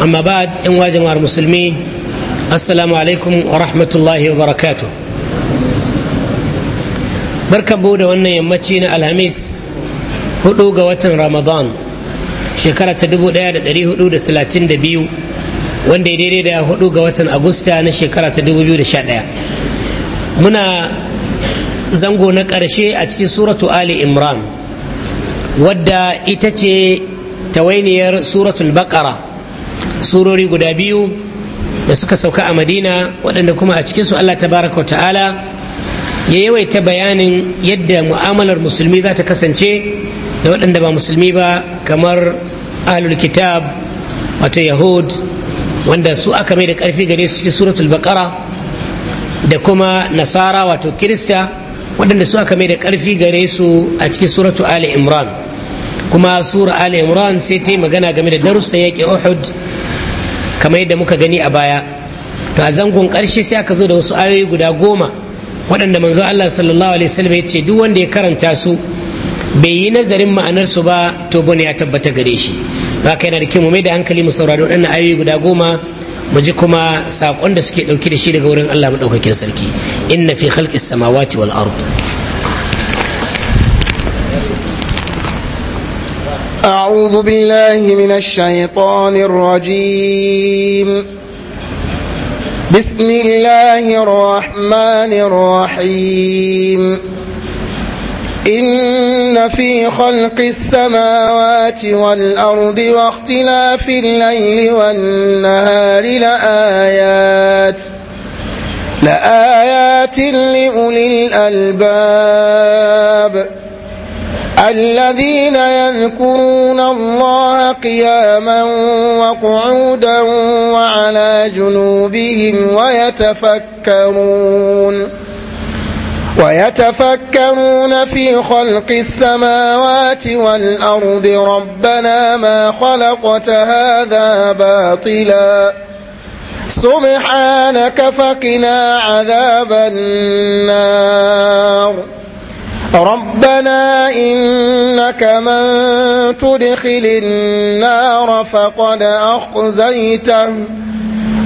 amma ba yan wajen war musulmi assalamu alaikum wa rahmatullahi wa barakatu barkanmu da wannan yammaci na alhamis hudu ga watan ramadan shekara ta 1432 wanda ya daidai da hudu ga watan agusta na shekara ta 2011 muna zango na ƙarshe a cikin suratu ali imran wadda ita ce tawainiyar suratul baqara surori guda biyu da suka sauka a madina waɗanda kuma a cikinsu allah tabaraka ta'ala ya yawaita bayanin yadda mu'amalar musulmi za ta kasance da waɗanda ba musulmi ba kamar ahlul kitab wato yahud wanda su aka mai da ƙarfi gare su cikin suratul baqara da kuma nasara wato kirista waɗanda su aka mai da ƙarfi gare su a cikin suratul ali imran kuma sura ali imran sai ta yi magana game da darussa yaƙi uhud kamar yadda muka gani a baya to a zangon ƙarshe sai aka zo da wasu ayoyi guda goma waɗanda manzo Allah sallallahu alaihi wasallam ya ce duk wanda ya karanta su bai yi nazarin ma'anarsu ba to bane ya tabbata gare shi ba kai na da kyau mu mai da hankali mu saurari waɗannan ayoyi guda goma mu ji kuma saƙon da suke ɗauke da shi daga wurin Allah maɗaukakin sarki inna fi khalqis samawati wal ard أعوذ بالله من الشيطان الرجيم بسم الله الرحمن الرحيم إن في خلق السماوات والأرض واختلاف الليل والنهار لآيات لآيات لأولي الألباب الذين يذكرون الله قياما وقعودا وعلى جنوبهم ويتفكرون ويتفكرون في خلق السماوات والأرض ربنا ما خلقت هذا باطلا سبحانك فقنا عذاب النار ربنا إنك من تدخل النار فقد أخزيته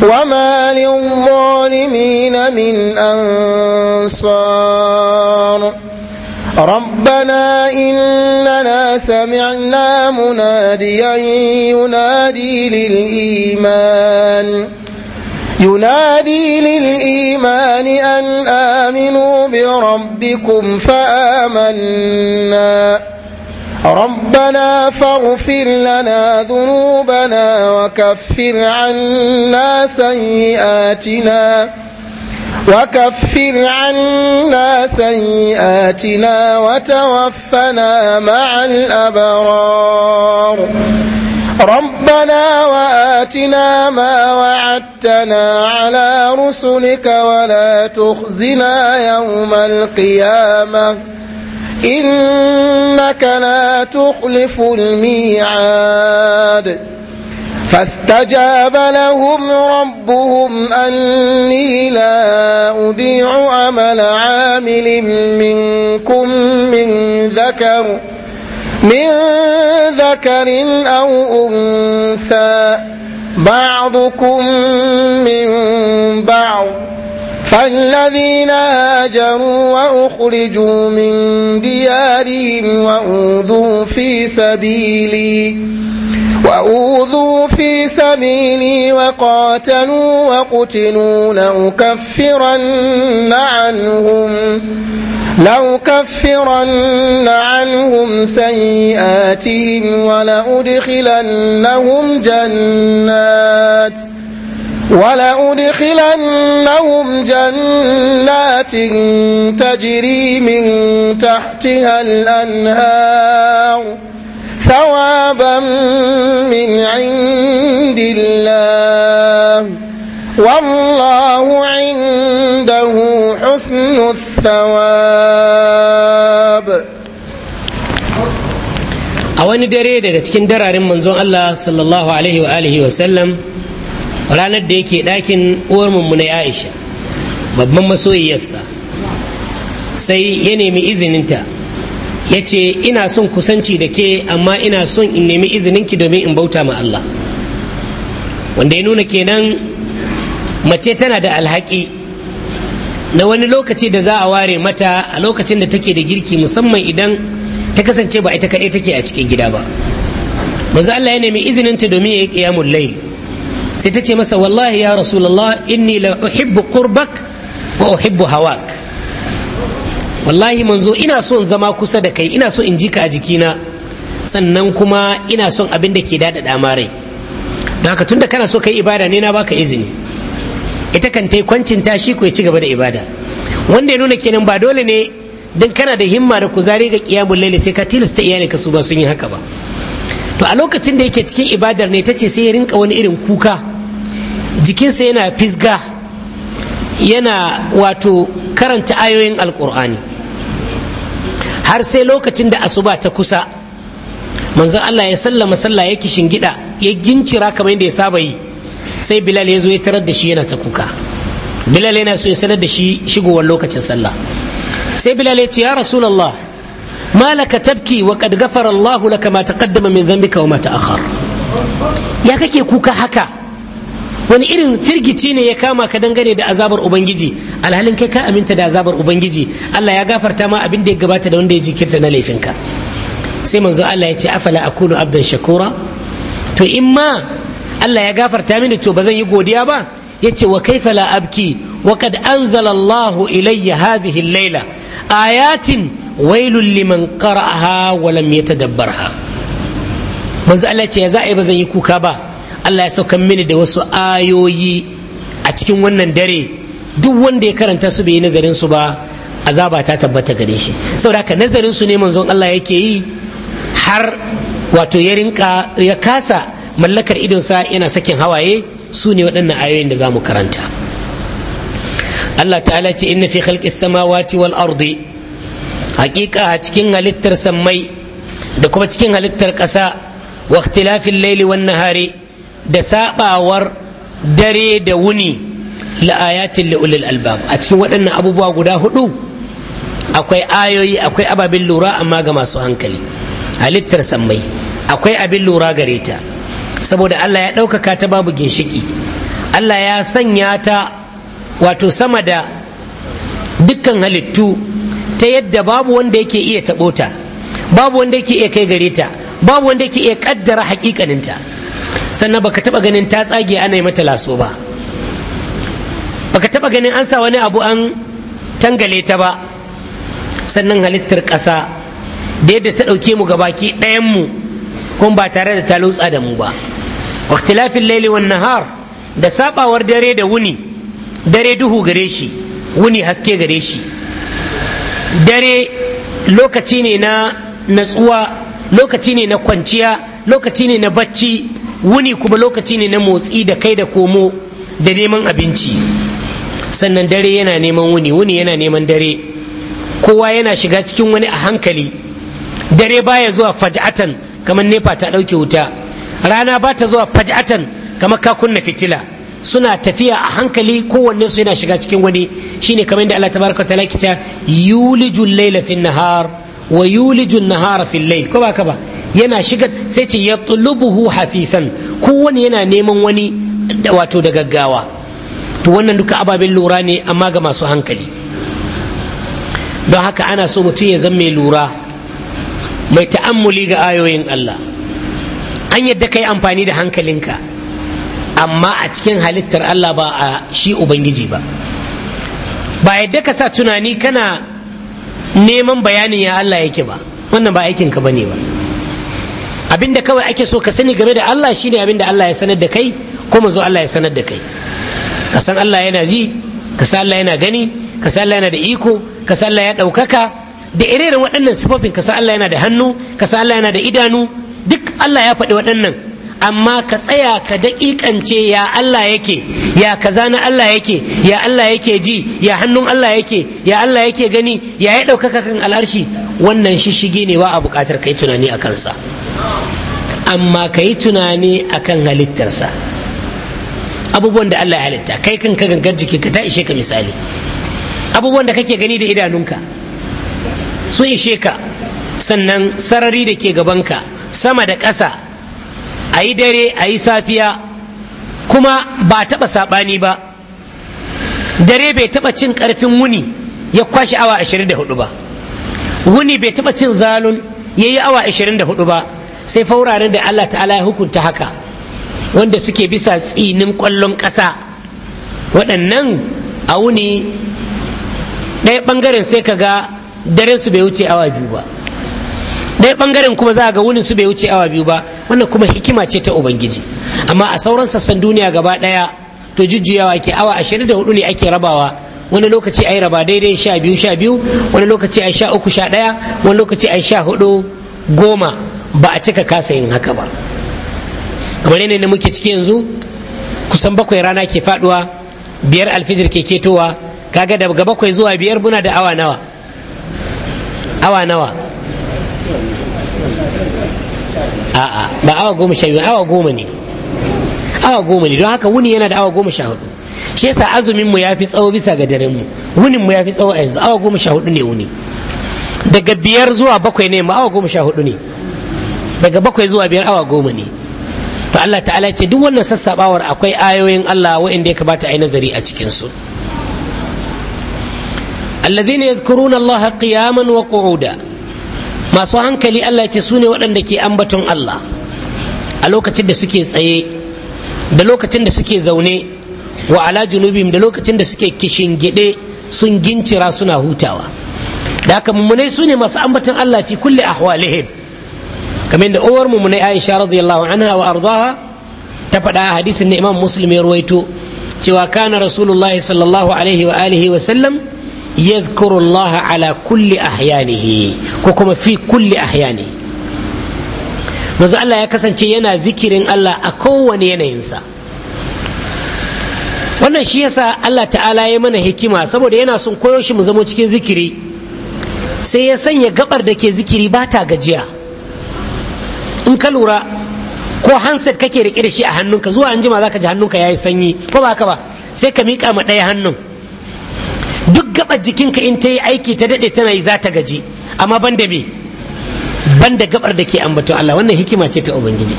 وما للظالمين من أنصار ربنا إننا سمعنا مناديا ينادي للإيمان ينادي للإيمان أن آمنوا بربكم فآمنا ربنا فاغفر لنا ذنوبنا وكفر عنا سيئاتنا وكفر عنا سيئاتنا وتوفنا مع الأبرار ربنا وآتنا ما وعدتنا على رسلك ولا تخزنا يوم القيامة إنك لا تخلف الميعاد فاستجاب لهم ربهم أني لا أضيع عمل عامل منكم من ذكر من ذكر أو أنثى بعضكم من بعض فالذين هاجروا وأخرجوا من ديارهم وأوذوا في سبيلي وأوذوا في سبيلي وقاتلوا وقتلوا لأكفرن عنهم لأكفرن عنهم سيئاتهم ولأدخلنهم جنات ولأدخلنهم جنات تجري من تحتها الأنهار ثوابا من عند الله والله عنده حسن الثواب أولا دريدة تكين درار من زون الله صلى الله عليه وآله وسلم ولا نديكي لكن أور من عائشة بابن مسوي يسا سي ينمي إذن انتهى ya ce ina son kusanci da ke amma ina son in nemi izininki domin in bauta ma Allah wanda ya nuna kenan mace tana da alhaki na wani lokaci da za a ware mata a lokacin da take da girki musamman idan ta kasance ba ita kaɗai take a cikin gida ba manzo Allah ya nemi izininta domin ya yi qiyamul layl sai ta ce masa wallahi ya rasulullah inni la uhibbu qurbak wa uhibbu hawak wallahi manzo ina son zama kusa da kai ina so in ji ka a jikina sannan kuma ina son abin da ke daɗaɗa rai don haka tunda kana so kai ibada ne na baka izini ita kan ta kwancin tashi ko ya ci gaba da ibada wanda ya nuna kenan ba dole ne don kana da himma da kuzari ga kiyamun laili sai ka tilasta iyali ka su ba sun yi haka ba to a lokacin da yake cikin ibadar ne ta ce sai ya rinka wani irin kuka jikinsa yana fisga yana wato karanta ayoyin alkur'ani har sai lokacin da asuba ta kusa manzon Allah ya sallama sallah yake gida ya gincira kamar yadda ya saba yi sai bilal ya zo ya tarar da shi yana ta kuka bilal yana so ya sanar da shi shigowar lokacin sallah sai bilal ya ce ya rasulullah ma laka tabki wa qad ghafara Allah laka ma taqaddama min dhanbika wa ma ta'akhkhar ya kake kuka haka wani irin firgici ne ya kama ka dangane da azabar ubangiji alhalin kai ka aminta da azabar ubangiji Allah ya gafarta ma abin da ya gabata da wanda ya jikirta na laifinka sai manzo Allah ya ce afala akunu abdan shakura to in ma Allah ya gafarta mini to ba zan yi godiya ba ce, wa kaifa la abki wa kad anzala Allah ilayya hadhihi al-laila ayatin wailul liman qara'aha wa lam yatadabbarha manzo Allah ya ce za a yi ba zan yi kuka ba Allah ya saukan mini da wasu ayoyi a cikin wannan dare duk wanda ya karanta su bai yi nazarin su ba azaba ta tabbata gare shi saboda haka nazarin su ne manzon Allah yake yi har wato ya rinka ya kasa mallakar idon sa yana sakin hawaye su ne waɗannan ayoyin da za mu karanta Allah ta'ala ce inna fi khalqis samawati wal ardi haƙiƙa a cikin halittar sammai da kuma cikin halittar ƙasa wa ikhtilafil laili wan nahari da sabawar dare da wuni la'ayatin la'ulil albab a cikin waɗannan abubuwa guda hudu akwai ayoyi akwai ababen lura amma ga masu hankali halittar sammai akwai abin lura gare ta saboda allah ya ɗaukaka ta babu ginshiki allah ya sanya ta wato sama da dukkan halittu ta yadda babu wanda yake iya taɓo ta babu wanda yake iya kai gare ta babu wanda yake iya ƙaddara hakikaninta sannan baka taba ganin ta tsage ana yi mata laso ba baka taba ganin an sa wani abu an tangale ta ba sannan halittar ƙasa da yadda ta ɗauke mu baki ɗayan mu kun ba tare da ta lutsa da mu ba waktilafin laili wan nahar da sabawar dare da wuni dare duhu gare shi wuni haske gare shi dare lokaci ne na natsuwa lokaci ne na kwanciya lokaci ne na bacci wuni kuma lokaci ne na motsi da kai da komo da neman abinci sannan dare yana neman wuni wuni yana neman dare kowa yana shiga cikin wani a hankali dare baya zuwa faj'atan kamar nefa ta ɗauke wuta rana ba ta zuwa faj'atan kamar ka kunna fitila suna tafiya a hankali kowanne su yana shiga cikin wani shine kamar da Allah tabaraka ta lakita yulijul layla fin nahar wa yulijul nahara fil layl ko ba ka ba yana shiga sai ce ya tulubuhu hafisan kowane yana neman wani wato da gaggawa to wannan duka ababen lura ne amma ga masu hankali don haka ana so mutum ya zama mai lura mai ta'ammuli ga ayoyin Allah an yadda ka yi amfani da hankalinka amma a cikin halittar Allah ba a shi Ubangiji ba ba yadda ka sa tunani kana neman bayanin ya Allah yake ba wannan ba aikinka ba ne ba abinda kawai ake so ka sani game da Allah shine abinda Allah ya sanar da kai ko mu zo Allah ya sanar da kai ka san Allah yana ji ka san Allah yana gani ka san Allah yana da iko ka san Allah ya ɗaukaka da irin waɗannan sifofin ka san Allah yana da hannu ka san Allah yana da idanu duk Allah ya faɗi waɗannan amma ka tsaya ka daƙiƙance ya Allah yake ya kaza na Allah yake ya Allah yake ji ya hannun Allah yake ya Allah yake gani ya ya ɗaukaka kan al'arshi wannan shishigi ne ba a buƙatar kai tunani a kansa. amma ka yi tunani a kan halittarsa abubuwan da allah ya halitta kai kan ka gangar jiki ka ta ishe ka misali abubuwan da kake gani da idanunka sun ishe ka sannan sarari da ke gabanka sama da ƙasa a yi dare a yi safiya kuma ba taɓa saɓani ba dare bai taɓa cin ƙarfin wuni ya kwashe awa 24 ba wuni bai taɓa cin zalun ya yi awa 24 ba sai fa da Allah ta'ala ya hukunta haka wanda suke bisa tsinin kwallon ƙasa waɗannan a wuni ɗaya ɓangaren sai ka ga dare su bai wuce awa biyu ba ɗaya ɓangaren kuma za a ga wunin su bai wuce awa biyu ba wannan kuma hikima ce ta ubangiji amma a sauran sassan duniya gaba ɗaya to jujjuyawa ke awa ashirin da hudu ne ake rabawa wani lokaci a yi raba daidai sha biyu sha biyu wani lokaci a sha uku sha ɗaya wani lokaci a sha hudu goma ba a cika kasa yin haka ba kamar yanayin da muke ciki yanzu kusan bakwai rana ke faduwa biyar alfijir ke ketowa kaga daga bakwai zuwa biyar muna da awa nawa awa nawa a'a ba awa goma sha biyu awa goma ne awa goma ne don haka wuni yana da awa goma sha hudu shi yasa azumin mu yafi tsawo bisa ga daren mu wunin mu yafi tsawo a yanzu awa goma sha hudu ne wuni daga biyar zuwa bakwai ne mu awa goma sha hudu ne daga bakwai zuwa biyar awa goma ne to Allah ta'ala ce duk wannan sassabawar akwai ayoyin Allah waɗanda ya kamata a yi nazari a cikinsu alladhina yadhkuruna Allah qiyaman wa qu'uda masu hankali Allah ce su ne waɗanda ke ambaton Allah a lokacin da suke tsaye da lokacin da suke zaune wa ala junubim da lokacin da suke kishin gide sun gincira suna hutawa da aka mummunai su ne masu ambatan Allah fi kulli ahwalihim kamar da uwar mu ne Aisha radiyallahu anha wa ardaha ta faɗa hadisin na Imam Muslim ya ruwaito cewa kana Rasulullahi sallallahu alaihi wa alihi wa sallam yadhkuru Allah ala kulli ahyanihi ko kuma fi kulli ahyani manzo Allah ya kasance yana zikirin Allah a kowane yanayinsa wannan shi yasa Allah ta'ala ya mana hikima saboda yana son koyo shi mu zamo cikin zikiri sai ya sanya gabar da ke zikiri ba ta gajiya in ka lura ko handset kake rike da shi a hannunka zuwa an jima zaka ji hannunka yayi sanyi ko ba haka ba sai ka mika ma ɗaya hannun duk gaba jikinka in ta yi aiki ta daɗe tana yi za ta gaji amma ban da me ban da gabar da ke ambaton Allah wannan hikima ce ta ubangiji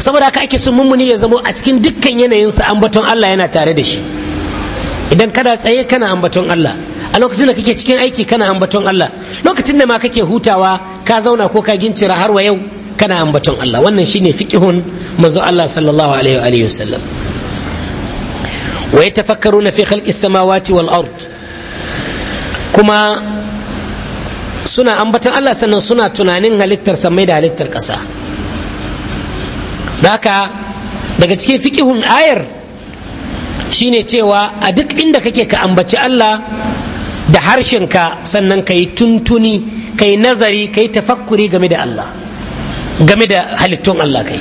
saboda haka ake son mummuni ya zama a cikin dukkan yanayinsa ambaton Allah yana tare da shi idan kana tsaye kana ambaton Allah a lokacin da kake cikin aiki kana ambaton Allah lokacin da ma kake hutawa ka zauna ko ka gincira har wa yau kana ambaton Allah wannan shine fiqihun manzo Allah sallallahu alaihi wa alihi wasallam wa yatafakkaruna fi khalqi samawati wal ard kuma suna ambaton Allah sannan suna tunanin halittar samai da halittar ƙasa haka daga cikin fiqihun ayar shine cewa a duk inda kake ka ambaci Allah da harshenka sannan ka yi tuntuni kai nazari kai tafakkuri game da Allah game da halittun Allah kai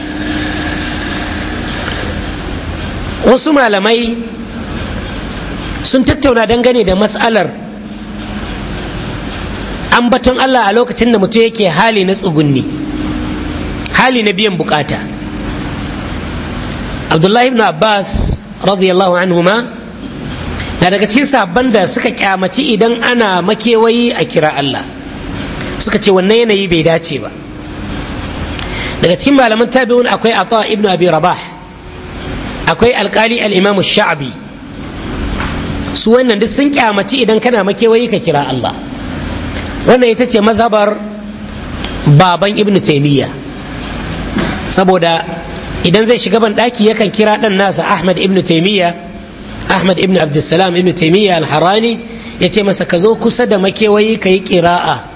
wasu malamai sun tattauna dangane da matsalar ambaton Allah a lokacin da mutum yake hali na tsugunni hali na biyan bukata abdullahi ibn abbas radiyallahu anhuma na daga cikin sabon da suka kyamaci idan ana makewayi a kira Allah suka ce wannan yanayi bai dace ba daga cikin malaman tabi'un akwai ata ibnu abi rabah akwai alkali al-imam sha'bi su wannan duk sun kyamaci idan kana makewayi ka kira Allah wannan ita ce mazhabar baban ibnu taimiyya saboda idan zai shiga ban daki yakan kira dan nasa ahmad ibnu taimiyya ahmad ibnu abdussalam ibnu taimiyya al-harani ya ce masa ka zo kusa da makewayi ka yi kira'a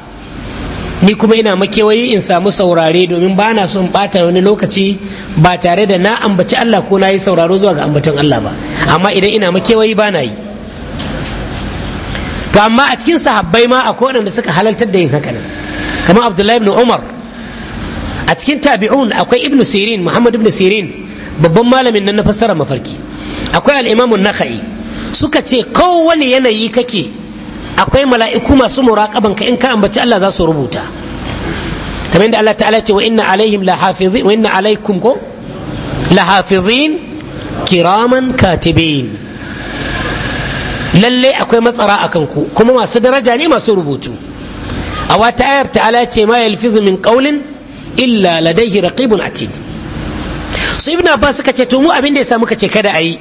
ni kuma ina makewayi in samu saurare domin ba na son bata wani lokaci ba tare da na ambaci Allah ko na yi sauraro zuwa ga ambatan Allah ba amma idan ina makewayi ba na yi to amma a cikin sahabbai ma akwai waɗanda suka halartar da yin haka nan kamar Abdullahi ibn Umar a cikin tabi'un akwai ibn Sirin Muhammad ibn Sirin babban malamin nan na fassara mafarki akwai al-Imam an suka ce kowane yanayi kake akwai mala'iku masu muraqaban ka in ka ambaci Allah za su rubuta kamar yadda Allah ta'ala ce wa inna alaihim lahafizin wa inna alaikum ko lahafizin kiraman katibin lalle akwai matsara akan ku kuma masu daraja ne masu rubutu a wata ayar ta'ala ce ma yalfizu min qaulin illa ladaihi raqibun atid su ibn abbas suka ce to mu abin da ya sa muka ce kada ayi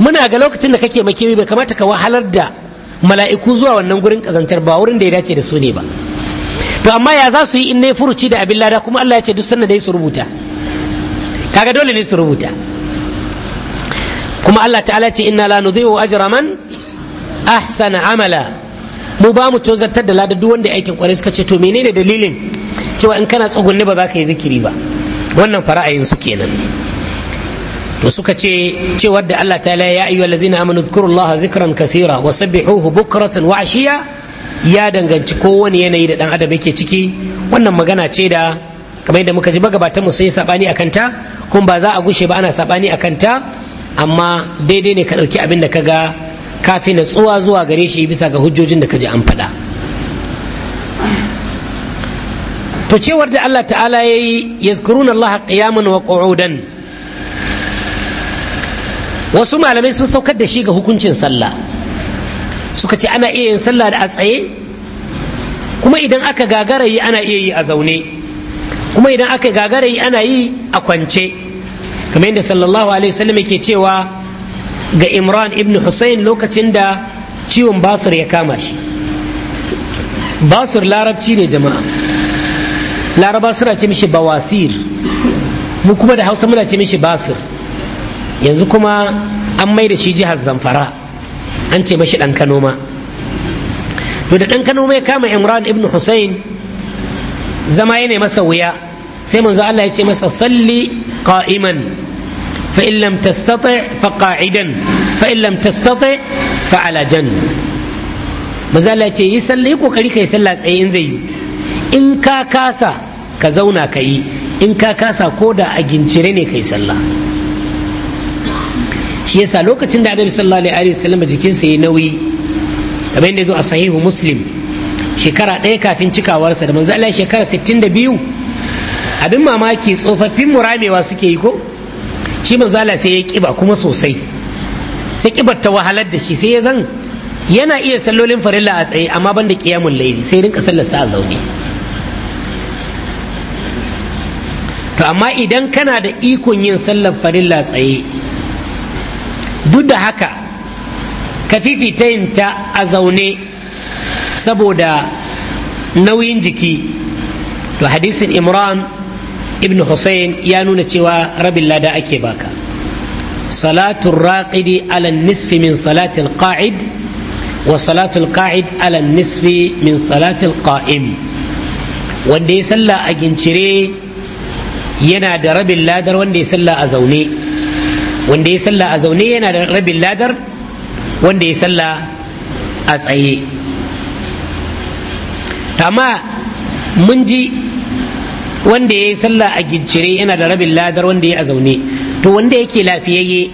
muna ga lokacin da kake makewi bai kamata ka wahalar da mala'iku zuwa wannan gurin kazantar ba wurin da ya dace da su ne ba to amma ya za su yi in ne furuci da abin lada kuma Allah ya ce duk sannan dai su rubuta kaga dole ne su rubuta kuma Allah ta'ala ce inna la nudhi'u ajra man ahsana amala mu ba mu tozartar da lada duk wanda aikin kwarai suka ce to menene dalilin cewa in kana tsugunni ba za ka yi zikiri ba wannan fara'ayin su kenan to suka ce cewar da Allah ta'ala ya ayyuhal ladzina amanu dhkurullaha dhikran kathira wa sabbihuhu bukratan wa ya danganci kowane yanayi da ɗan adam yake ciki wannan magana ce da kamar yadda muka ji magabatanmu sun yi sabani akan ta kuma ba za a gushe ba ana sabani akan ta amma daidai ne ka ɗauki abin da ka ga kafi natsuwa zuwa gare shi bisa ga hujjojin da ka ji an faɗa to cewar da Allah ta'ala ya yi yazkurun Allah qiyaman wasu malamai sun saukar da shi ga hukuncin sallah suka ce ana iya yin sallah da a tsaye kuma idan aka gagara yi ana iya yi a zaune kuma idan aka gagara yi ana yi a kwance kamar yadda sallallahu alaihi wasallam yake cewa ga imran ibn husayn lokacin da ciwon basur ya kama shi basur larabci ne jama'a laraba suna ce mishi bawasir mu kuma da hausa muna ce mishi basir yanzu kuma an mai da shi jihar zamfara an ce mashi ɗan kano ma da ɗan kano ya kama imran ibn hussein zama yana masa wuya sai manzo Allah ya ce masa salli qa'iman fa in lam tastati fa qa'idan fa in lam tastati fa ala manzo Allah ya ce yi salli kokari kai sallah tsaye in zai yi in ka kasa ka zauna ka yi in ka kasa ko da a gincire ne kai sallah shi yasa lokacin da annabi sallallahu alaihi wasallam jikinsa ya nauyi kamar yadda zo a sahihu muslim shekara ɗaya kafin cikawar sa. da manzo Allah shekara 62 abin mamaki tsofaffin muramewa suke yi ko shi manzo Allah sai ya kiba kuma sosai sai kibar ta wahalar da shi sai ya zan yana iya sallolin farilla a tsaye amma banda qiyamul laifi sai rinka sallar sa a zaune to amma idan kana da ikon yin sallar farilla tsaye duk da haka ka fifita yin ta a zaune saboda nauyin jiki to hadisin imran ibn hussein ya nuna cewa rabin lada ake baka salatun raƙidi ala nisfi min salatin ƙa'id wa salatul qa'id ala nisfi min salatul ƙa'im wanda ya salla a gincire yana da rabin ladar wanda ya salla a zaune wanda ya sallah a zaune yana da rabin ladar wanda ya sallah a tsaye amma mun ji wanda ya yi sallah a gincire yana da rabin ladar wanda ya a zaune to wanda yake lafiyayye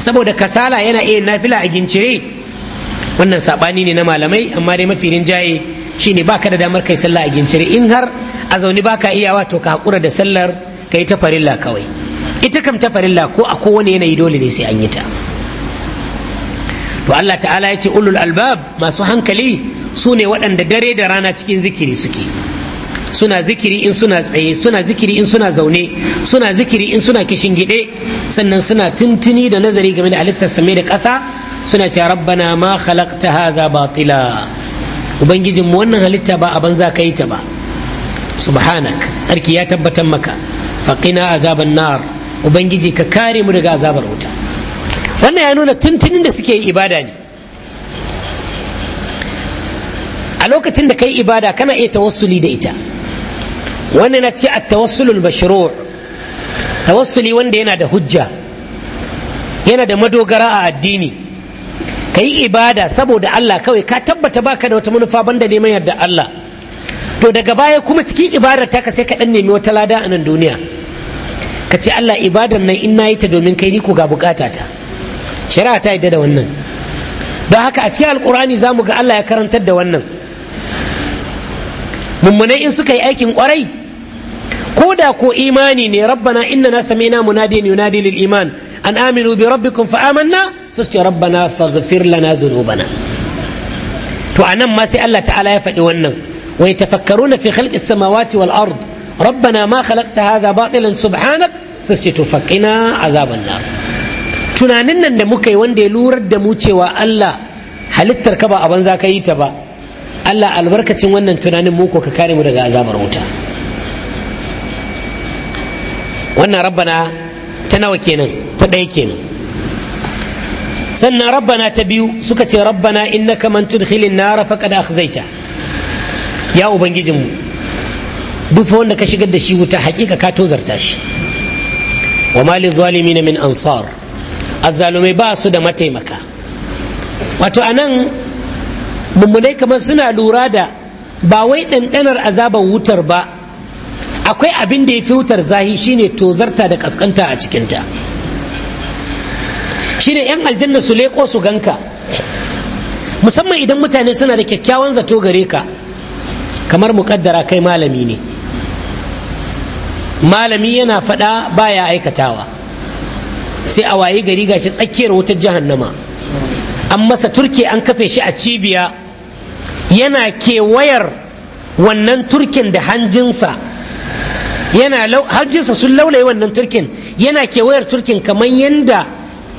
saboda kasala yana iya nafila a gincire wannan saɓani ne na malamai amma dai mafi rinjaye ne baka da damar kai sallah a gincire in har a zaune baka iyawa to ka haƙura da sallar ka yi ta farilla kawai ita kam ta farilla ko a kowane yanayi dole ne sai an yi ta to Allah ta'ala ya ce ulul albab masu hankali su ne waɗanda dare da rana cikin zikiri suke suna zikiri in suna tsaye suna zikiri in suna zaune suna zikiri in suna kishingide sannan suna tuntuni da nazari game da halittar same da ƙasa suna ce rabbana ma khalaqta hadha batila ubangijin mu wannan halitta ba a ka kai ta ba subhanak tsarki ya tabbatar maka faqina azaban nar ubangiji ka kare mu daga azabar wuta wannan ya nuna tuntunin da suke yi ibada ne a lokacin da kai ibada kana iya tawassuli da ita wannan na cikin attawassulul tawassulul mashru' tawassuli wanda yana da hujja yana da madogara a addini ka yi ibada saboda Allah kawai ka tabbata baka da wata manufa banda neman yarda Allah to daga baya kuma cikin ibada ta ka sai ka dan nemi wata lada a nan duniya ka ce Allah ibadan nan in na yi ta domin kai ni ku ga bukata ta shari'a ta yadda da wannan don haka a cikin alkurani za mu ga Allah ya karantar da wannan mummunai in suka yi aikin kwarai ko da ko imani ne rabbana inna na sami'na munadiyan yunadi lil iman an aminu bi rabbikum fa amanna su ce rabbana faghfir lana dhunubana to anan ma sai Allah ta'ala ya faɗi wannan wa yatafakkaruna fi khalqis samawati wal ard ربنا ما خلقت هذا باطلا سبحانك sai ce to faqina azaban nar tunanin nan da muka yi wanda ya lurar da mu cewa Allah halittar ka ba a banza ka yi ta ba Allah albarkacin wannan tunanin mu ka kare mu daga azabar wuta wannan rabbana ta nawa kenan ta ɗaya kenan sannan rabbana ta biyu suka ce rabbana innaka man tudkhilin nar faqad akhzaita ya ubangijinmu duk wanda ka shigar da shi wuta hakika ka tozarta shi wa mali zalimin min ansar azzalumai ba su da mataimaka wato anan mummunai kamar suna lura da ba wai ɗanɗanar azabar wutar ba akwai abin da ya fi wutar zahi shine tozarta da kaskanta a cikinta shine 'yan aljanna su leƙo su ganka musamman idan mutane suna da kyakkyawan zato gare ka kamar mukaddara kai malami ne malami yana faɗa baya aikatawa sai a wayi gari gashi tsakiyar wutar jahannama an masa turke an kafe shi a cibiya yana kewayar wannan turkin da hanjinsa yana hanjinsa sun laulaye wannan turkin yana kewayar turkin kamar yadda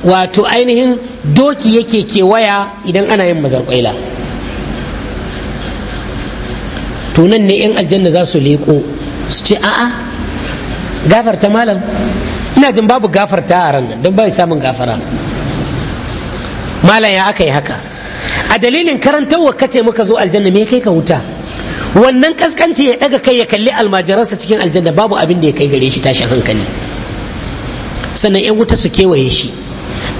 wato ainihin doki yake kewaya idan ana yin mazarkwaila to nan ne 'yan aljanna za su leko su ce a'a gafarta malam ina jin babu gafarta a ran don bai samun gafara malam ya aka yi haka a dalilin karantarwa kace muka zo aljanna me kai ka wuta wannan kaskanci ya daga kai ya kalli almajiransa cikin aljanna babu abin da ya kai gare shi tashin hankali sannan yan wuta su kewaye shi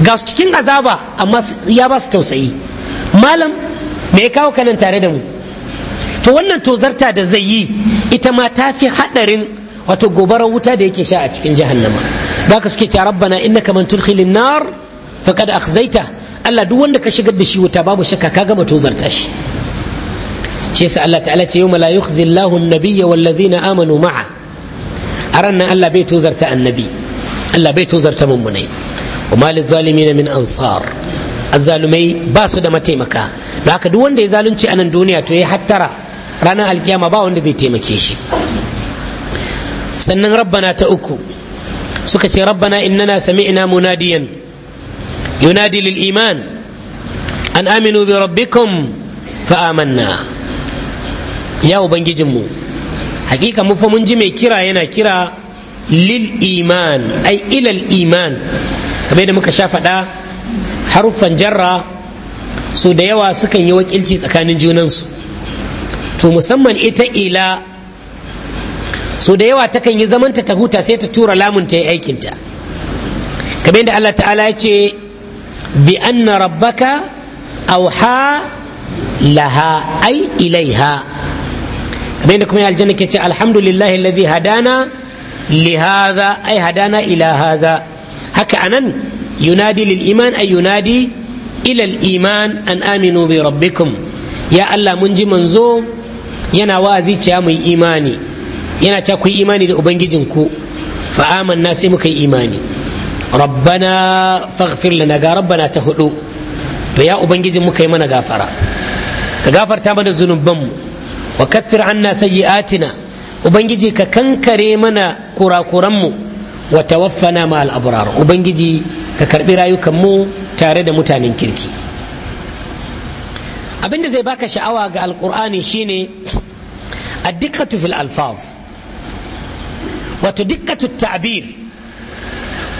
ga su cikin azaba amma ya ba su tausayi malam me ya kawo kanan tare da mu to wannan tozarta da zai yi ita ma ta fi haɗarin wato gobarar wuta da yake sha a cikin jahannama ba ka suke ce rabbana innaka man tulkhilin nar faqad akhzaita Allah duk wanda ka shigar da shi wuta babu shakka ka gama tozarta shi shi yasa Allah ta'ala ce yawma la yukhzi Allahu an-nabiyya wal ladhina amanu ma'a aran Allah bai tozarta annabi Allah bai tozarta mummunai wa ma lizalimin min ansar azzalumai ba su da mataimaka da haka duk wanda ya zalunci a nan duniya to ya hattara ranar alkiyama ba wanda zai taimake shi sannan rabbana ta uku suka ce rabbana innana sami'na munadiyan yunadi lil iman an aminu bi rabbikum fa amanna ya ubangijinmu hakika mu fa mun ji mai kira yana kira lil iman ai ilal iman kamar da muka sha faɗa haruffan jarra su da yawa sukan yi wakilci tsakanin junansu to musamman ita ila so da yawa takan yi zamanta ta huta sai ta tura lamun ta yi aikinta kamar yadda Allah ta'ala ya ce bi anna rabbaka auha laha ai ilaiha kamar yadda kuma aljanna ke ce lillahi alladhi hadana li hadha ai hadana ila hadha haka anan yunadi lil iman ay yunadi ila al iman an aminu bi rabbikum ya Allah mun ji manzo yana wa'azi ciya mu imani yana ta ku imani da ubangijinku fa amanna sai muka yi imani rabbana faghfir lana ga rabbana ta hudu to ya ubangijin muka yi mana gafara ka gafarta mana zunuban mu wa kaffir anna sayyi'atina ubangiji ka kankare mana kurakuran mu wa tawaffana ma al-abrar ubangiji ka karbi rayukan mu tare da mutanen kirki abinda zai baka sha'awa ga alqur'ani shine الدقة في الألفاظ wato dikkatu ta'bir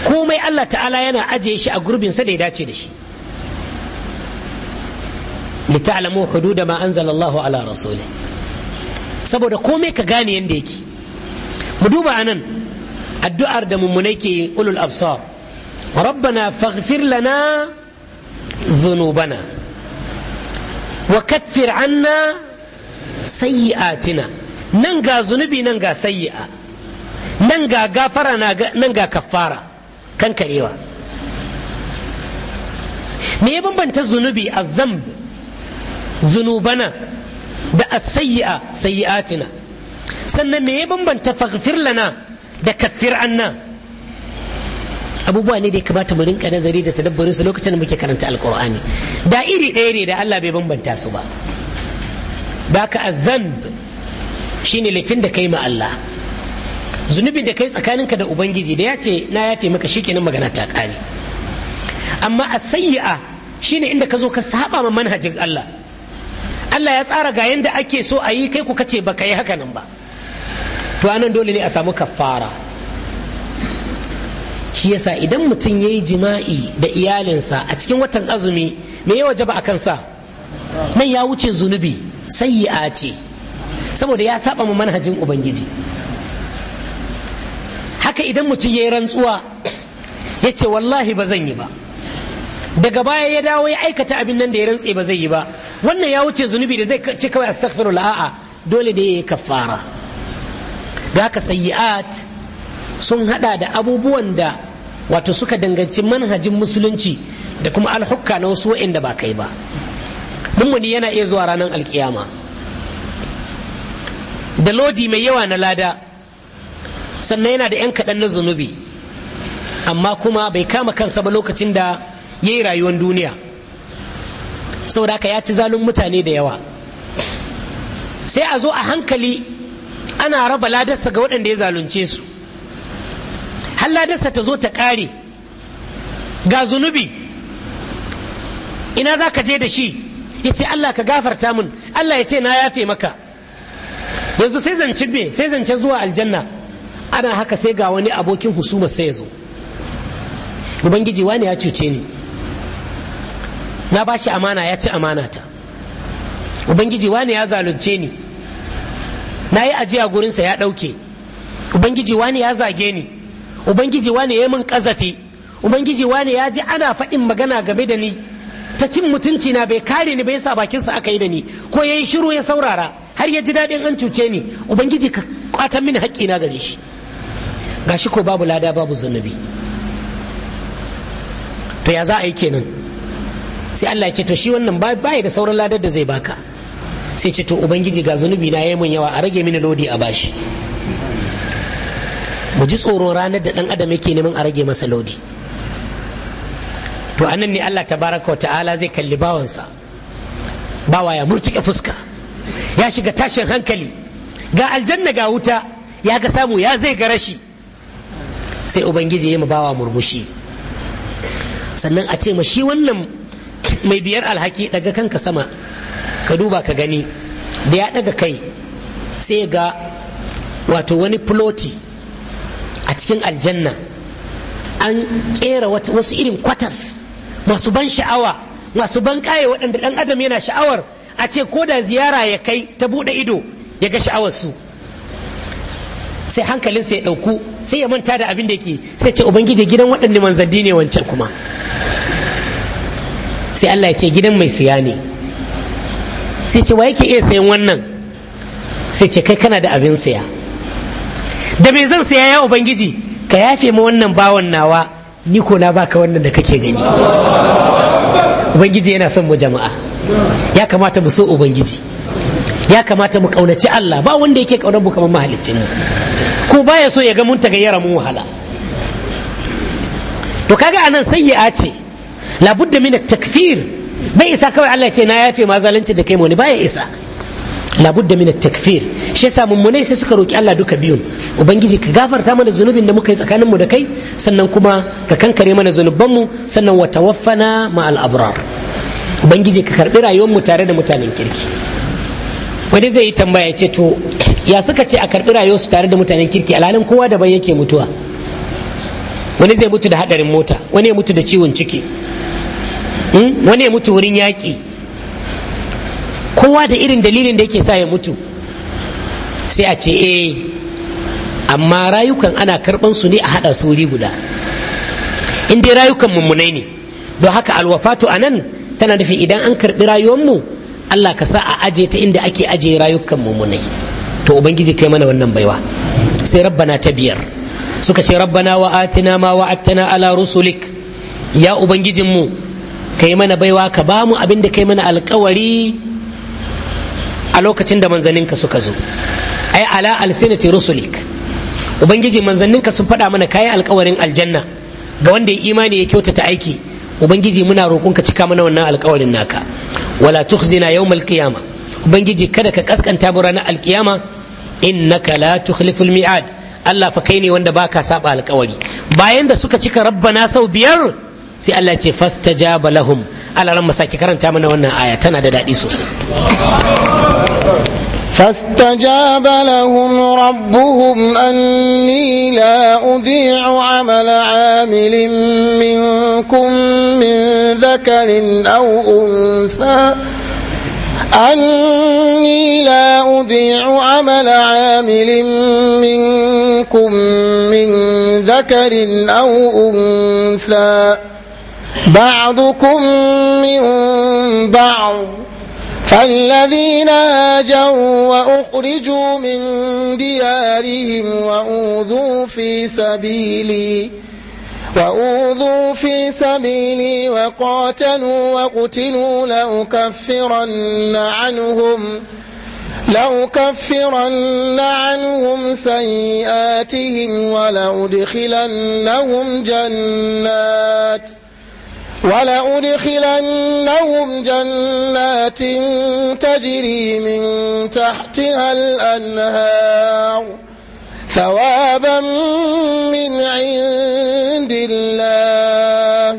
komai Allah ta'ala yana ajiye shi a gurbin sa da ya dace da shi li ta'lamu hududa ma anzala Allah ala rasuli saboda komai ka gane yanda yake mu duba anan addu'ar da mummunai ke ulul absar rabbana faghfir lana dhunubana wa kaffir anna sayyi'atina nan ga zunubi nan ga sayyi'a nan ga gafara nan ga kafara kan karewa me ya bambanta zunubi a zamb zunubana da asayya sayyatina sannan me ya bambanta faghfir lana da kafir anna abubuwa ne da ya kamata mu rinka nazari da tadabbarin su lokacin da muke karanta alkur'ani da iri ɗaya ne da Allah bai bambanta su ba baka azzamb shine laifin da kai ma Allah zunubin da kai tsakaninka da ubangiji da ya ce na yafe maka shikenan magana ta kare amma a sayyi'a shine inda ka zo ka saba ma manhajin Allah Allah ya tsara ga yanda ake so a yi kai ku kace baka yi haka nan ba to anan dole ne a samu kafara shi yasa idan mutum ya yi jima'i da iyalinsa a cikin watan azumi me ya wajaba a kansa nan ya wuce zunubi sayyi'a ce saboda ya saba ma manhajin ubangiji haka idan mutum ya yi rantsuwa ya ce wallahi ba zan yi ba daga baya ya dawo ya aikata abin nan da ya rantse ba zai yi ba wannan ya wuce zunubi da zai ci kawai astaghfiru a'a dole da yi kafara da haka sayyi'at sun hada da abubuwan da wato suka danganci manhajin musulunci da kuma alhukka na wasu wa'inda ba kai ba mummuni yana iya zuwa ranar alkiyama da lodi mai yawa na lada sannan yana da 'yan kaɗan na zunubi amma kuma bai kama kansa ba lokacin da ya yi rayuwar duniya saboda haka ya ci zalun mutane da yawa sai a zo a hankali ana raba ladarsa ga waɗanda ya zalunce su har ladarsa ta zo ta ƙare ga zunubi ina za ka je da shi ya ce Allah ka gafarta mun Allah ya ce na yafe maka yanzu sai zancen me sai zancen zuwa aljanna ana haka sai ga wani abokin husuma sai ya zo ubangiji wani ya cuce ni na ba shi amana ya ci amana ta ubangiji wani ya zalunce ni na yi ajiya gurinsa ya ɗauke ubangiji wani ya zage ni ubangiji wani ya yi min ƙazafi ubangiji wani ya ji ana faɗin magana game da ni ta cin mutunci na bai kare ni bai sa bakinsa aka yi da ni ko ya yi shiru ya saurara har ya ji daɗin an cuce ni ubangiji ka kwatan mini haƙƙi na gare shi gashi ko babu lada babu zunubi to ya za a yi kenan sai Allah ya ce to shi wannan baya da sauran ladar da zai baka sai ce to ubangiji ga zunubi na yayin yawa a rage mini lodi a bashi mu ji tsoro ranar da dan adam yake neman a rage masa lodi to anan ne Allah tabaraka wa ta'ala zai kalli bawansa bawa ya murtuke fuska ya shiga tashin hankali ga aljanna ga wuta ya ga samu ya zai ga rashi sai ubangiji ya bawa murmushi sannan a ce ma shi wannan mai biyar alhaki daga kanka sama ka duba ka gani da ya daga kai sai ga wato wani ploti a cikin aljanna an kera wasu irin kwatas masu ban sha'awa masu ban kaye waɗanda ɗan adam yana sha'awar a ce ko da ziyara ya kai ta buɗe ido ya ga sha'awarsu sai hankalinsa ya ɗauku sai ya manta da abin da ke sai ce ubangiji gidan waɗanne manzanni ne wancan kuma sai Allah ya ce gidan mai siya ne sai ce wa yake iya sayan wannan sai ce kai kana da abin saya da me zan saya ya ubangiji ka yafe ma wannan bawan nawa ni ko na baka wannan da kake gani ubangiji yana son mu jama'a ya kamata mu so ubangiji ya kamata mu kaunaci Allah ba wanda yake kaunar mu kamar mahalicin mu ko baya so ya ga mun tagayyara mu wahala to kaga anan sayyi'a ce labudda min takfir bai isa kawai Allah ya ce na yafe ma zalunci da kai mu ne baya isa labudda min takfir shi yasa munai sai suka roki Allah duka biyun ubangiji ka gafarta mana zunubin da muka yi tsakaninmu da kai sannan kuma ka kankare mana mu sannan wa tawaffana ma al abrar ubangiji ka karbi rayuwar mu tare da mutanen kirki wani zai yi tambaya ce to ya suka ce a karbi rayuwar su tare da mutanen kirki alhalin kowa daban yake mutuwa wani zai mutu da hadarin mota wani ya mutu da ciwon ciki hmm? wani ya mutu wurin yaƙi kowa da irin dalilin da yake sa ya mutu sai a ce eh amma rayukan ana karɓan su ne a haɗa su wuri guda in dai rayukan mummunai ne don haka alwafatu a nan tana nufi idan an karɓi mu. Allah ka sa a aje ta inda ake aje rayukan mummunai to ubangiji kai mana wannan baiwa sai rabbana ta biyar suka ce rabbana wa atina ma wa'attana ala rusulik ya ubangijinmu kai mana baiwa ka ba mu abin da kai mana alkawari a lokacin da manzanninka suka zo ai ala alsinati rusulik ubangiji manzanninka sun faɗa mana kayi alkawarin aljanna ga wanda ya imani ya kyautata aiki ubangiji muna roƙon ka cika mana wannan alƙawarin naka wala tukhzina yawmal qiyama ubangiji kada ka kaskanta mu ranar alkiyama innaka la tukhliful mi'ad Allah fa kai ne wanda baka saba alƙawari bayan da suka cika rabbana sau biyar sai Allah ce fastajaba lahum Allah ran masaki karanta mana wannan aya tana da daɗi sosai فاستجاب لهم ربهم أني لا أضيع عمل عامل منكم من ذكر أو أنثى أني لا أضيع عمل عامل منكم من ذكر أو أنثى بعضكم من بعض فالذين هاجروا وأخرجوا من ديارهم وأوذوا في سبيلي وأوذوا في سبيلي وقاتلوا وقتلوا لأكفرن عنهم لأكفرن عنهم سيئاتهم ولأدخلنهم جنات ۖ ولأدخلنهم جنات تجري من تحتها الأنهار ثوابا من عند الله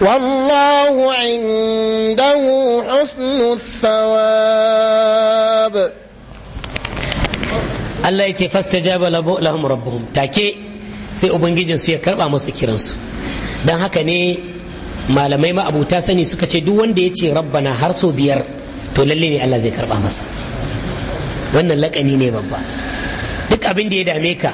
والله عنده حسن الثواب Allah ya ce fastajaba lahum rabbuhum take sai su ya karba musu kiransu don haka ne malamai ma abuta sani suka ce duk wanda ya ce rabbana har so biyar to lalle ne Allah zai karba masa wannan lakani ne babba duk abin da ya dame ka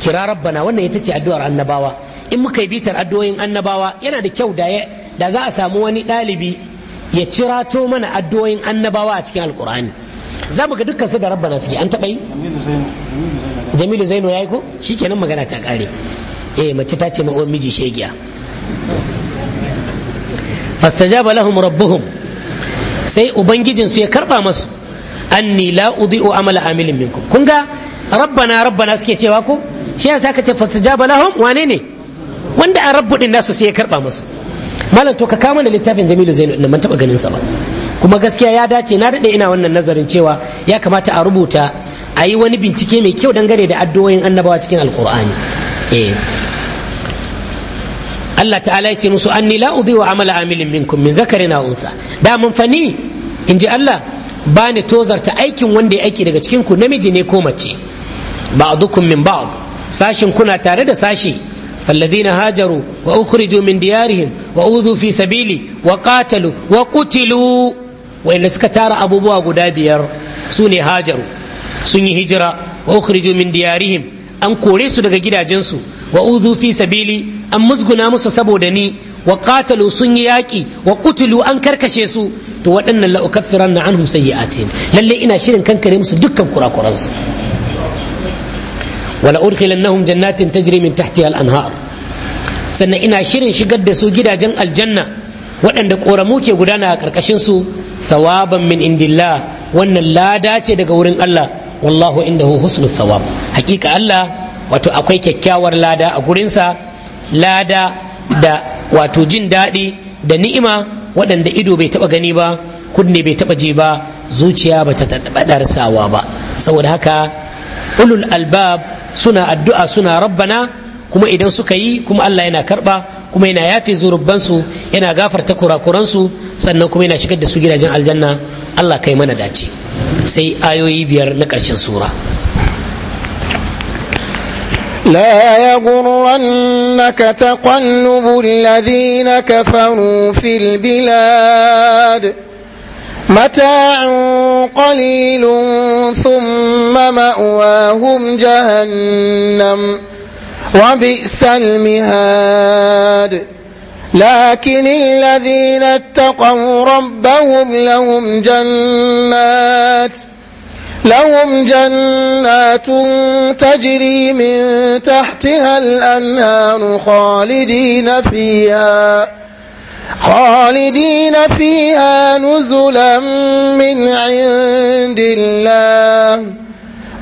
kira rabbana wannan ita ce addu'ar annabawa in muka yi bitar addu'o'in annabawa yana da kyau da za a samu wani ɗalibi ya cirato mana addu'o'in annabawa a cikin alkur'ani za mu ga dukkan su da rabbana suke an taɓa yi jamilu zaino ya yi ko shikenan magana ta ƙare eh mace ta ce ma'uwar miji shegiya fastajaba lahum rabbuhum sai su ya karba masu anni la udi'u amala amilin minkum kun ga rabbana rabbana suke cewa ko shi yasa ka ce fastajaba lahum wane ne wanda a rabbu din nasu sai ya karba masu malam to ka kama da littafin Jamilu Zainu din man taba ganin sa ba kuma gaskiya ya dace na dade ina wannan nazarin cewa ya kamata a rubuta a yi wani bincike mai kyau dangane da addu'o'in annabawa cikin alkur'ani eh Allah ta'ala ya ce musu anni la udhi'u amala amilin minkum min zakarin na unsa da mun fani inji Allah ba ni tozarta aikin wanda ya aiki daga cikin ku namiji ne ko mace ba'dukum min ba'd sashin kuna tare da sashi فالذين هاجروا وأخرجوا من ديارهم وأوذوا في سبيلي وقاتلوا وقتلوا وإن سكتار أبو بوا Sun سوني هاجروا سوني هجرة وأخرجوا من ديارهم أن كوريسوا لك جدا جنسوا وأوذوا في سبيلي an musguna musu saboda ni wa qatalu sun yi yaƙi wa kutulu an karkashe su to waɗannan la na anhum sayyi'atihim lalle ina shirin kankare musu dukkan kurakuransu wala udkhilannahum jannatin tajri min tahtiha al-anhar sannan ina shirin shigar da su gidajen aljanna waɗanda ƙoramu ke gudana a ƙarƙashin su sawaban min indillah wannan lada ce daga wurin Allah wallahu indahu husnul sawab hakika Allah wato akwai kyakkyawar lada a gurinsa lada da wato jin daɗi da ni'ima waɗanda ido bai taɓa gani ba kunne bai taɓa ji ba zuciya bata ta taɓa ba saboda haka ulul albab suna addu'a suna rabbana kuma idan suka yi kuma Allah yana karɓa kuma yana yafe zurubbansu yana gafarta kurakuransu sannan kuma yana shigar da su gidajen aljanna Allah kai mana dace sai ayoyi biyar na ƙarshen sura لا يغرنك تقلب الذين كفروا في البلاد متاع قليل ثم مأواهم جهنم وبئس المهاد لكن الذين اتقوا ربهم لهم جنات ۖ لهم جنات تجري من تحتها الأنهار خالدين فيها خالدين فيها نزلا من عند الله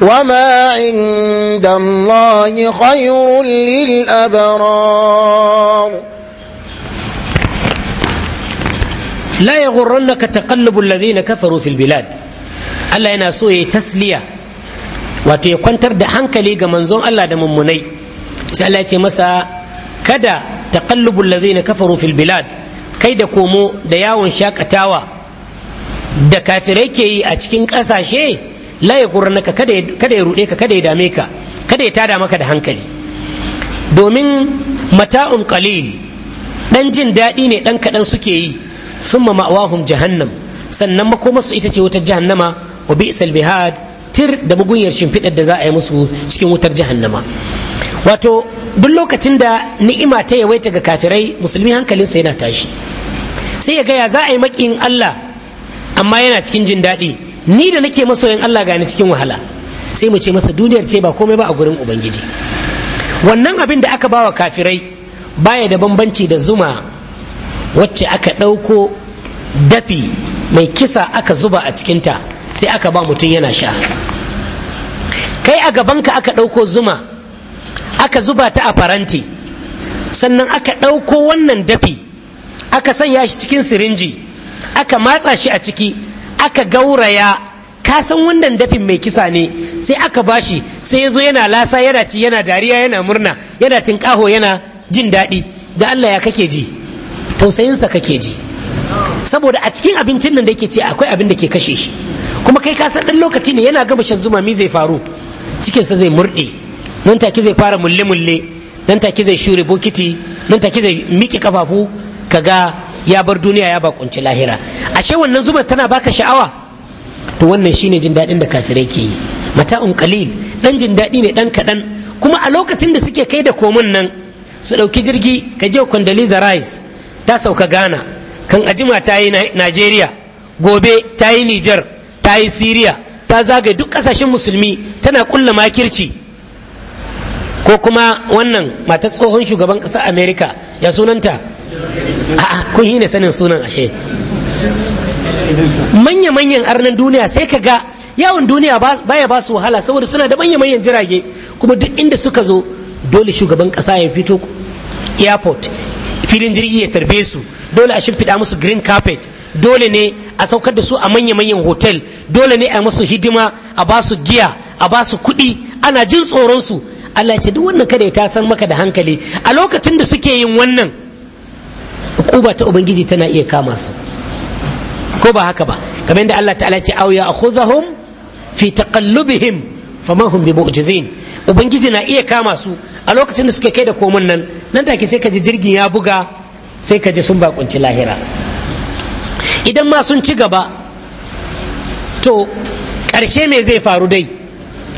وما عند الله خير للأبرار لا يغرنك تقلب الذين كفروا في البلاد Allah yana so ya yi tasliya wato ya kwantar da hankali ga manzon Allah da mummunai sai Allah ya ce masa kada taqallubul ladzina kafaru fil bilad kai da komo da yawon shakatawa da kafirai ke yi a cikin kasashe la ya naka kada ya rude ka kada ya dame ka kada ya tada maka da hankali domin mata'un qalil dan jin daɗi ne dan kaɗan suke yi summa ma'wahum jahannam sannan makomarsu ita ce wutar jahannama wa bi'sal bihad tir da bugunyar shimfiɗar da za a yi musu cikin wutar jahannama wato duk lokacin da ni'ima ta yawaita ga kafirai musulmi hankalinsa yana tashi sai ya gaya za a yi maƙin Allah amma yana cikin jin daɗi ni da nake masoyin Allah gani cikin wahala sai mu ce masa duniyar ce ba komai ba a gurin ubangiji wannan abin da aka bawa kafirai baya da bambanci da zuma wacce aka ɗauko dafi mai kisa aka zuba a cikinta sai aka ba mutum yana sha kai a gabanka aka ɗauko zuma aka zuba ta a faranti sannan aka ɗauko wannan dafi aka sanya shi cikin sirinji aka matsa shi a ciki aka gauraya ka san wannan dafin mai kisa ne sai aka ba shi sai ya zo yana lasa yana ci yana dariya yana murna yana tinkaho yana jin daɗi da allah ya kake ji tausayinsa kake ji saboda a cikin abincin nan da yake ci akwai abin da ke kashe shi kuma kai ka san dan lokaci ne yana gama shan zuma mi zai faru cikinsa zai murde. nan take zai fara mulle mulle nan take zai shure bokiti nan take zai miƙe kafafu kaga ya bar duniya ya bakunci lahira ashe wannan zuma tana baka sha'awa to wannan shine jin daɗin da kafirai ke yi mata'un qalil dan jin daɗi ne dan kaɗan kuma a lokacin da suke kai da komin nan su ɗauki jirgi ka je za rice ta sauka gana. kan ajima ta yi najeriya gobe ta yi nijar ta yi siriya ta zagaye duk kasashen musulmi tana kulla makirci ko kuma wannan mata tsohon shugaban ƙasar amerika ya sunanta a kun yi sanin sunan ashe manya-manyan arnan duniya sai ka ga yawon duniya baya ba su wahala saboda suna da manya-manyan jirage kuma duk inda suka zo dole shugaban ƙasa ya fito airport filin jirgi ya tarbe su dole a shimfiɗa musu green carpet dole ne a saukar da su a manya-manyan hotel dole ne a masu hidima a ba su giya a ba su kuɗi ana jin tsoronsu. Allah ce duk wannan kada ya san maka da hankali a lokacin da suke yin wannan kuba ta ubangiji tana iya kama su ko ba haka ba kamar yadda Allah ta'ala ce au akhudhahum fi taqallubihim fama hum bimu'jizin ubangiji na iya kama su a lokacin da suke kai da komon nan nan take sai ka ji jirgin ya buga sai ka ji sun bakunci lahira idan ma sun ci gaba to ƙarshe me zai faru dai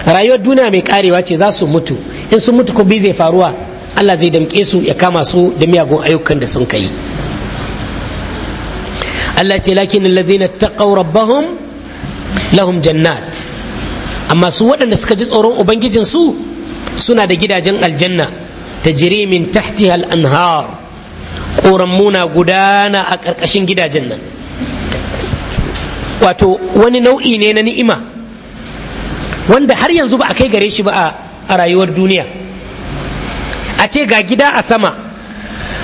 rayuwar duniya mai karewa ce za su mutu in sun mutu bi zai faruwa allah zai damƙe su ya kama su da miyagun ayyukan da sun kai allah ce lakin allazina taqaw rabbahum lahum jannat amma su waɗanda suka ji tsoron ubangijinsu suna da gidajen aljanna ta jirimin tahtiha al-anhar ƙorammu na gudana a ƙarƙashin gidajen nan wato wani nau'i ne na ni'ima wanda har yanzu ba a kai gare shi ba a rayuwar duniya a ce ga gida a sama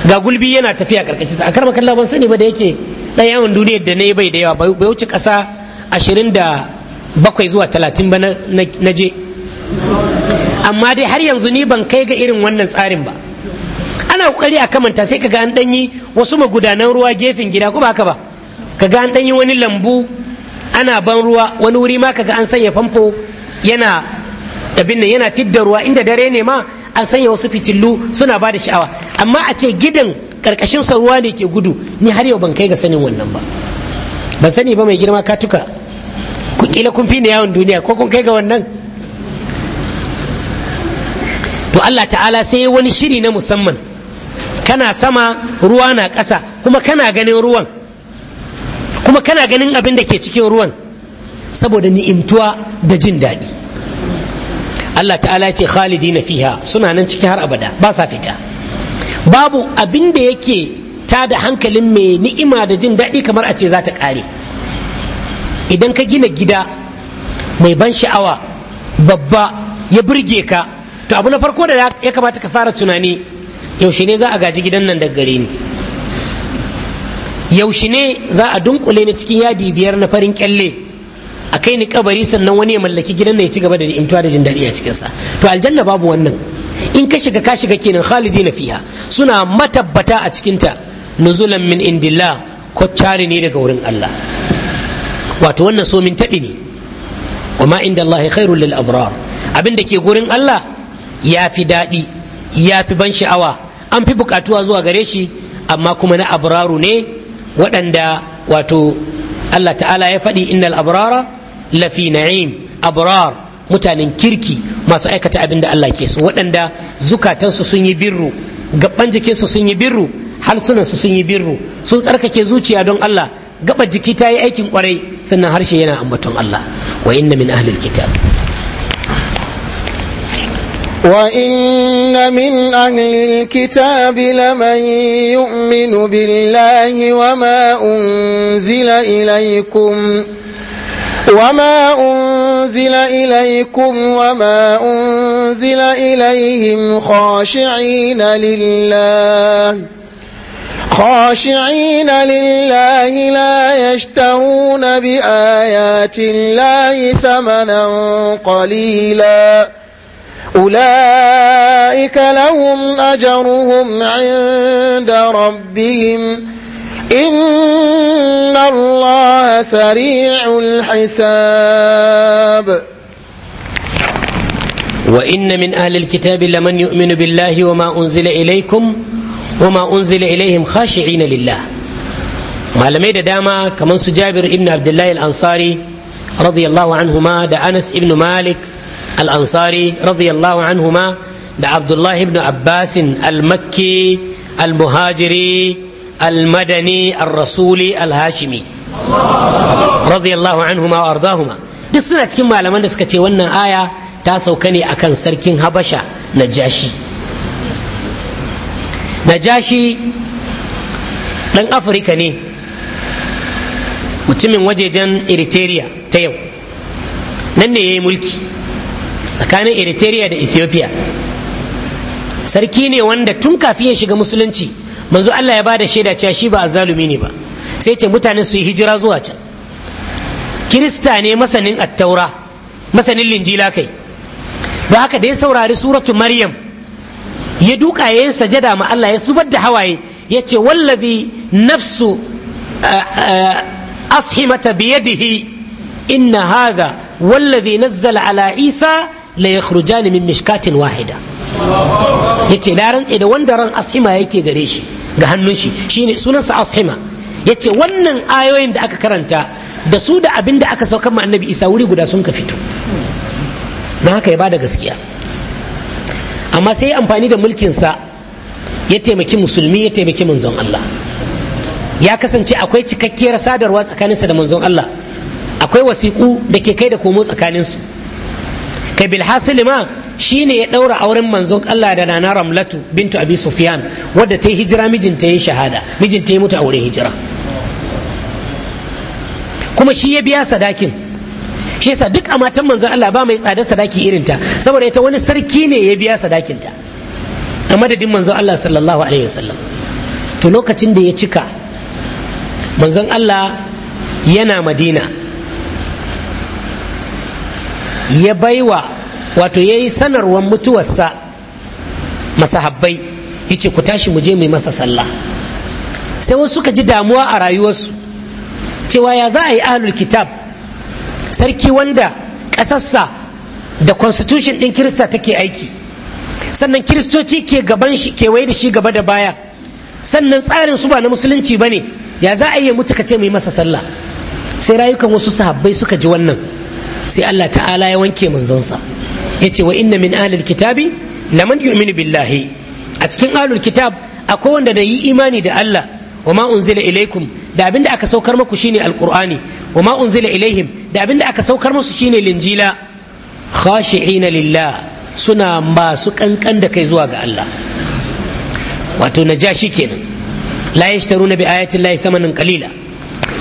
ga gulbi yana tafiya ƙarƙashin sa a karma kalla ban sani ba da yake ɗan yawon duniyar da na yi bai da yawa bai wuce ƙasa ashirin da bakwai zuwa talatin ba na je amma dai har yanzu ni ban kai ga irin wannan tsarin ba ana kokari a kamanta sai kaga an danyi wasu magudanan ruwa gefen gida ko ba haka ba kaga an danyi wani lambu ana ban ruwa wani wuri ma kaga an sanya famfo yana abin nan yana fidda ruwa inda dare ne ma an sanya wasu fitillu suna ba da sha'awa amma a ce gidan karkashin sa ruwa ne ke gudu ni har yau ban kai ga sanin wannan ba ban sani ba mai girma katuka ku kila kun fi ni yawon duniya ko kun kai ga wannan to Allah ta'ala sai wani shiri na musamman kana sama ruwa na ƙasa kuma kana ganin ruwan kuma kana ganin abin da ke cikin ruwan saboda ni'imtuwa da jin daɗi Allah ta'ala ce khalidi na fiha suna nan cikin har abada ba sa fita babu abin da yake ta da hankalin mai ni'ima da jin daɗi kamar a ce za ta ƙare idan ka gina gida mai ban sha'awa babba ya burge ka to abu na farko da ya kamata ka fara tunani yaushe ne za a gaji gidan nan daga gare ni yaushe ne za a dunkule ni cikin yadi biyar na farin kyalle a kai ni kabari sannan wani ya mallaki gidan na ya ci gaba da ni'imtuwa da jin daɗi a cikinsa to aljanna babu wannan in ka shiga ka shiga kenan khalidi na fiha suna matabbata a cikinta nuzulan min indillah ko cari ne daga wurin Allah wato wannan so min taɓi ne wa ma inda Allah khairul lil abrar abin da ke gurin Allah ya fi daɗi ya fi ban sha'awa an fi bukatuwa zuwa gare shi amma kuma na abraru ne waɗanda wato Allah ta'ala ya faɗi innal abrara lafi na'im abrar mutanen kirki masu aikata abin da Allah ke su waɗanda zukatansu sun yi birru gaban jikinsu sun yi birru halsunansu sun yi birru sun tsarkake zuciya don Allah gaba jiki ta yi aikin kwarai sannan harshe yana ambaton Allah wa inna min ahlil kitab وإن من أهل الكتاب لمن يؤمن بالله وما أنزل إليكم وما أنزل إليكم وما أنزل إليهم خاشعين لله خاشعين لله لا يشترون بآيات الله ثمنا قليلاً أولئك لهم أجرهم عند ربهم إن الله سريع الحساب وإن من أهل الكتاب لمن يؤمن بالله وما أنزل إليكم وما أنزل إليهم خاشعين لله ما لم dama داما su jabir ابن عبد الله الأنصاري رضي الله عنهما anas ابن مالك al-ansari radiyallahu anhuma da abdullahi ibn abbasin al-makki al-muhajiri al-madani al-rasuli al-hashimi radiyallahu anhuma wa ardahuma duk suna cikin malaman da suka ce wannan aya ta sauka ne akan sarkin habasha najashi najashi dan afirka ne mutumin wajejen eritrea ta yau nan ne ya yi mulki tsakanin eritrea da ethiopia sarki ne wanda tun kafin ya shiga musulunci manzo allah ya ba da shaida cewa shi ba azalumi ne ba sai ce mutane su yi hijira zuwa can kirista ne masanin attaura masanin linjila kai ba haka da ya saurari suratu maryam ya duka ya yi sajada ma allah ya zubar da hawaye ya ce wallazi nafsu ashimata biyadihi inna hadha wallazi nazzala ala isa la yakhrujani min mishkatin wahida yace na rantse da wanda ran ashima yake gare shi ga hannun shi shine sunansa ashima yace wannan ayoyin da aka karanta da su da abin da aka sauka ma annabi isa wuri guda sun ka fito don haka ya bada gaskiya amma sai ya amfani da mulkin sa ya taimaki musulmi ya taimaki manzon Allah ya kasance akwai cikakkiyar sadarwa tsakaninsa da manzon Allah akwai wasiƙu da ke kai da komo tsakaninsu kai bilhasil ma ne ya daura auren manzon Allah da nana Ramlatu bintu Abi Sufyan wadda ta yi hijira mijinta ya shahada mijinta ya mutu aure hijira kuma shi ya biya sadakin shi yasa duk a matan manzon Allah ba mai tsada sadaki irin ta saboda ita wani sarki ne ya biya sadakin ta a madadin manzon Allah sallallahu alaihi wasallam to lokacin da ya cika manzon Allah yana Madina ya baiwa wato ya yi sanarwar mutuwarsa masahabbai ya ku tashi mu je mai masa sallah sai wasu suka ji damuwa a rayuwarsu cewa ya za a yi ahlul kitab sarki wanda ƙasarsa da constitution ɗin kirista take aiki sannan kiristoci ke gaban shi kewaye da shi gaba da baya sannan tsarin su ba na musulunci ba ne ya za a yi mutu ka ce mai masa sallah sai rayukan wasu sahabbai suka ji wannan sai Allah ta'ala ya wanke munzonsa. ya ce wa inna min ahlil kitabi laman yu'minu billahi a cikin alul kitab akwai wanda da yi imani da Allah wa ma unzila ilaikum da abinda aka saukar muku shine alqur'ani wa ma unzila ilaihim da abinda aka saukar musu shine linjila khashi'ina lillah suna masu kankan da kai zuwa ga Allah wato najashi kenan la yashtaruna bi ayati llahi samanan qalila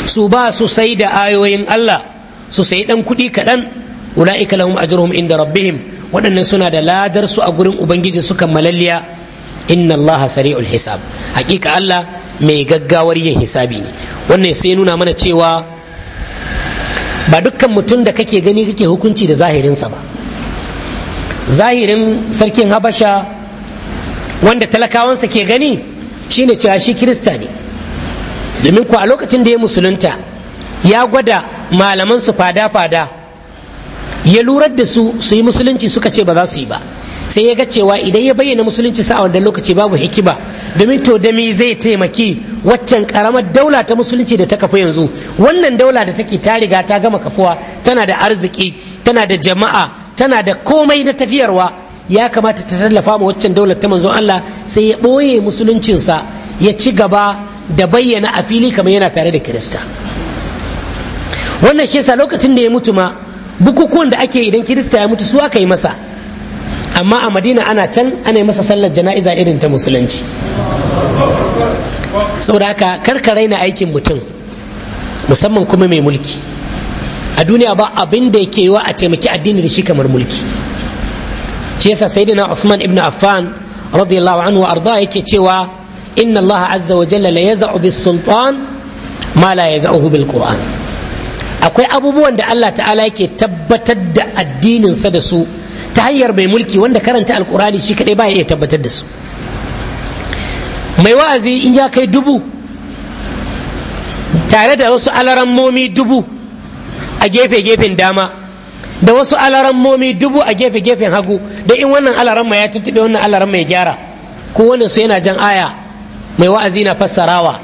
su ba su sai da ayoyin Allah su sayi dan kuɗi kaɗan ula'ika lahum ajruhum inda rabbihim waɗannan suna da ladar su a gurin ubangiji suka malalliya inna allaha sari'ul hisab hakika allah mai gaggawar yin hisabi ne wannan sai nuna mana cewa ba dukkan mutum da kake gani kake hukunci da zahirinsa ba zahirin sarkin habasha wanda talakawansa ke gani shine cewa shi kirista ne domin ku a lokacin da ya musulunta ya gwada malaman su fada-fada ya lurar da su su yi musulunci suka ce ba za su yi ba sai ya ga cewa idan ya bayyana musulunci sa a wannan lokaci babu hikima domin to da me zai taimaki waccan karamar daula ta musulunci da ta kafu yanzu wannan daula da take ta riga ta gama kafuwa tana da arziki tana da jama'a tana da komai na tafiyarwa ya kamata ta tallafa ma waccan daular ta manzon Allah sai ya ɓoye musuluncinsa ya ci gaba da bayyana a fili kamar yana tare da Kirista. wannan shi yasa lokacin da ya mutu ma bukukuwan da ake idan kirista ya mutu su aka yi masa amma a madina ana can ana yi masa sallar jana'iza irin ta musulunci saboda haka ka raina aikin mutum musamman kuma mai mulki a duniya ba abin da yake yiwa a taimaki addini da shi kamar mulki shi yasa sayyidina Usman ibn Affan radiyallahu anhu arda yake cewa inna Allah azza wa jalla la yaz'u bis sultan ma la yaz'uhu bil qur'an akwai abubuwan da Allah ta'ala yake tabbatar da addininsa da su ta hanyar mai mulki wanda karanta alkurani shi kadai baya iya tabbatar da su mai wa'azi in ya kai dubu tare da wasu alarammomi dubu a gefe-gefen dama da wasu alarammomi dubu a gefe-gefen hagu da in wannan alaramma ya tuntube wannan alaramma ya gyara ko wannan su yana jan aya mai wa'azi na fassarawa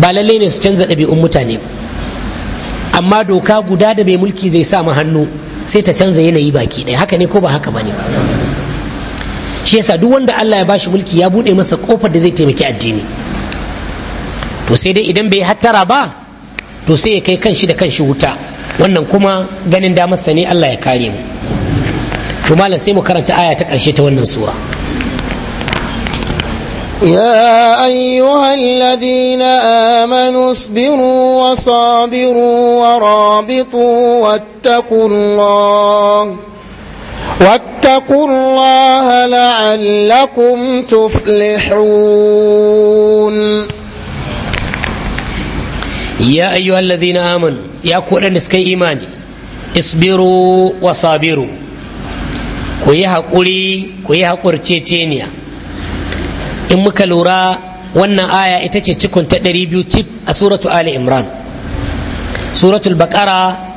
ba lalle ne su canza ɗabi'un mutane ba amma doka guda da mai mulki zai sa mu hannu sai ta canza yanayi baki ɗaya haka ne ko ba haka bane shi yasa duk wanda Allah ya bashi mulki ya buɗe masa kofar da zai taimaki addini to sai dai idan bai hattara ba to sai ya kai kanshi da kanshi wuta wannan kuma ganin damarsa ne Allah ya kare mu to malam sai mu karanta aya ta ƙarshe ta wannan sura يا أيها الذين آمنوا اصبروا وصابروا ورابطوا واتقوا الله واتقوا الله لعلكم تفلحون يا أيها الذين آمنوا يا كل نسكي إيماني اصبروا وصابروا كويها قولي كويها قرتيتينيا in muka lura wannan aya ita ce cikon ta ɗari biyu cif a suratu ali imran suratul bakara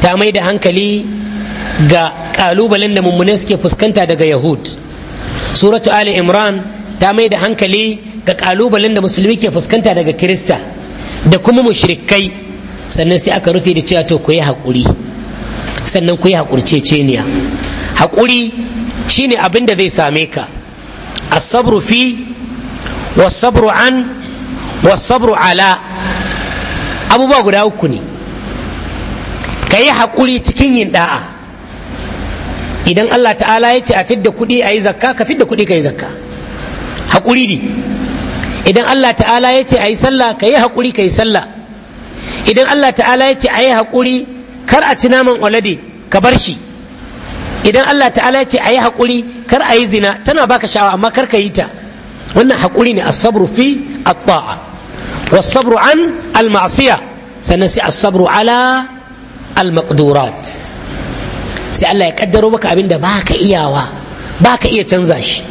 ta mai da hankali ga ƙalubalen da mummune suke fuskanta daga yahud suratu ali imran ta mai da hankali ga ƙalubalen da musulmi ke fuskanta daga kirista da kuma mushrikai sannan sai aka rufe da cewa to ku yi haƙuri sannan ku yi haƙurceceniya haƙuri shine abin da zai same ka asabrufi fi wasabru an wasabru ala abubuwa guda uku ne ka yi haƙuri cikin yin da'a idan allah ta'ala ya ce a fidda kuɗi a yi zakka ka fidda kuɗi ka yi zakka haƙuri ne idan allah ta'ala ya ce a yi sallah ka yi haƙuri ka yi sallah idan allah ta'ala ya ce a yi haƙuri kar a ci naman olade ka bar shi idan allah ta'ala ya ce a yi haƙuri kar a yi zina tana baka sha'awa amma kar ka yi ta wannan haƙuri ne asabru fi at wasabru an almasiya sannan sai asabru ala almaqdurat. sai Allah ya kaddaro maka abin da baka iyawa baka iya canza shi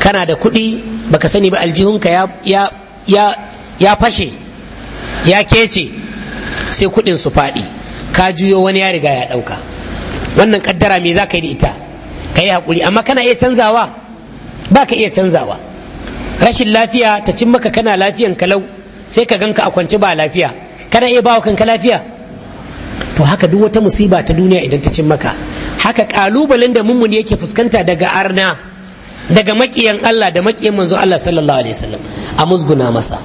kana da kuɗi baka sani ba aljihunka ya ya ya ya fashe ya kece sai kuɗin su faɗi ka juyo wani ya riga ya ɗauka wannan kaddara me za ka yi da ita ka yi haƙuri amma kana iya canzawa ba ka iya canzawa rashin lafiya ta cin maka kana lafiyan kalau sai ka ganka a kwance ba lafiya kana iya bawa kanka lafiya to haka duk wata musiba ta duniya idan ta cin maka haka kalubalen da mummun yake fuskanta daga arna daga makiyan Allah da makiyan manzo Allah sallallahu alaihi wasallam a musguna masa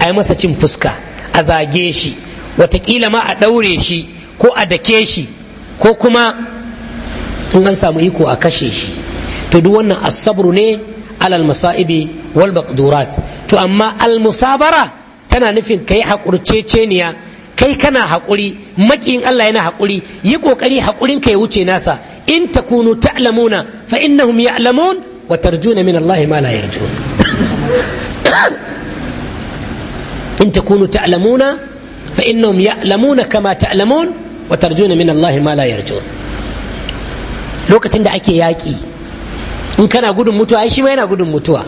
a yi masa cin fuska a zage shi watakila ma a ɗaure shi ko a dake shi ko kuma in an samu iko a kashe shi to duk wannan asabru ne alal masa'ibi wal maqdurat to amma al musabara tana nufin kai hakurceceniya kai kana hakuri maƙiyin Allah yana hakuri yi ƙoƙari haƙurin ka ya wuce nasa in takunu ta'lamuna fa innahum ya'lamun wa tarjuna min Allah ma la yarjun in takunu ta'lamuna fa innahum ya'lamuna kama ta'lamun wa tarjuna min Allah ma la yarjun lokacin da ake yaƙi in kana gudun mutuwa ai shi ma yana gudun mutuwa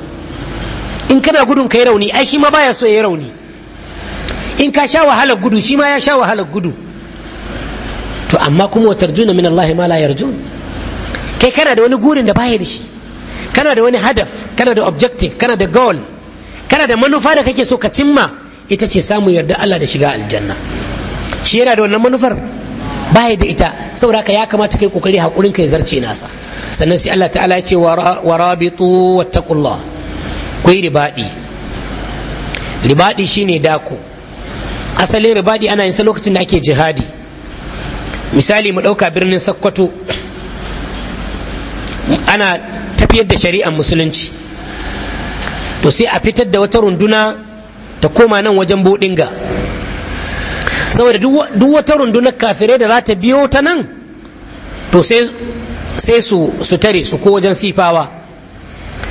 in kana gudun kai rauni ai shi ma baya so ya rauni in ka sha wahalar gudu shi ma ya sha wahalar gudu to amma kuma wa tarjuna min Allah ma la yarjun kai kana da wani gurin da baya da shi kana da wani hadaf kana da objective kana da goal kana da manufa da kake so ka cimma ita ce samun yarda Allah da shiga aljanna shi yana da wannan manufar baya da ita saboda haka ya kamata kai kokari hakurin kai zarce nasa sannan sai Allah ta'ala ya ce wa rabitu wattaqullah kai ribadi ribadi shine dako asalin ribadi ana yin sa lokacin da ake jihadi misali mu dauka birnin Sakkwato ana tafiyar da shari'ar musulunci to sai a fitar da wata runduna ta koma nan wajen bodinga saboda duk wata rundunar kafirai da za ta biyo ta nan to sai su tare su ko wajen sifawa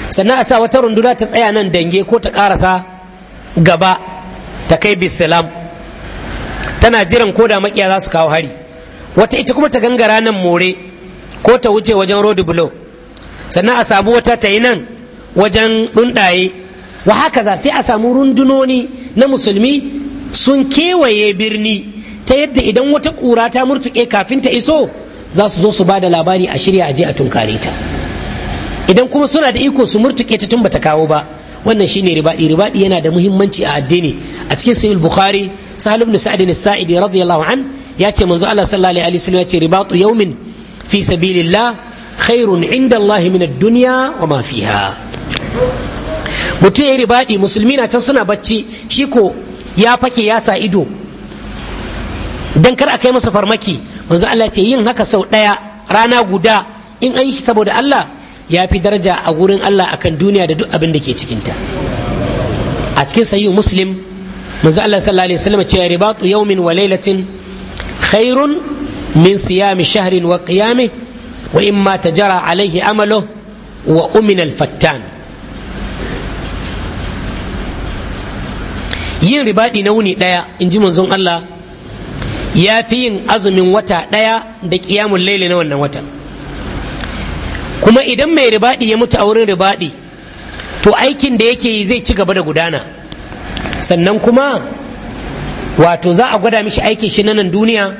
sannan a sa wata runduna ta tsaya nan dange ko ta karasa gaba ta kai bisalam tana jiran ko da makiya za su kawo hari wata ita kuma ta gangara nan more ko ta wuce wajen road blow sannan a sabu wata ta yi nan wajen dundaye wa haka za sai a samu rundunoni na musulmi sun kewaye birni ta yadda idan wata ƙura ta murtuƙe kafin ta iso za su zo su ba da labari a shirya aje a tunkare ta idan kuma suna da iko su murtuƙe ta tun bata kawo ba wannan shine ribadi ribadi yana da muhimmanci a addini a cikin sahih bukhari sahal ibn sa'id as radiyallahu an ya ce manzo Allah sallallahu alaihi wasallam ya ce ribatu yawmin fi sabilillah khairun inda Allah min ad-dunya wa ma fiha mutum ya ribadi musulmi na can suna bacci shi ko ya fake ya sa ido dan kar a kai masa farmaki manzo Allah ce yin haka sau ɗaya rana guda in an shi saboda Allah ya fi daraja a gurin Allah akan duniya da duk abin da ke cikinta a cikin sahihu muslim manzo Allah sallallahu alaihi wasallam ce ribatu yawmin wa laylatin khairun min siyami shahrin wa qiyami wa imma tajara alaihi amalo wa umina al-fattan yin ribadi na wuni daya in ji manzon Allah ya fi yin azumin wata daya da kiyamun laili na wannan watan kuma idan mai ribadi ya mutu a wurin ribadi to aikin da yake yi zai ci gaba da gudana sannan kuma wato za a gwada mishi aikin shi na nan duniya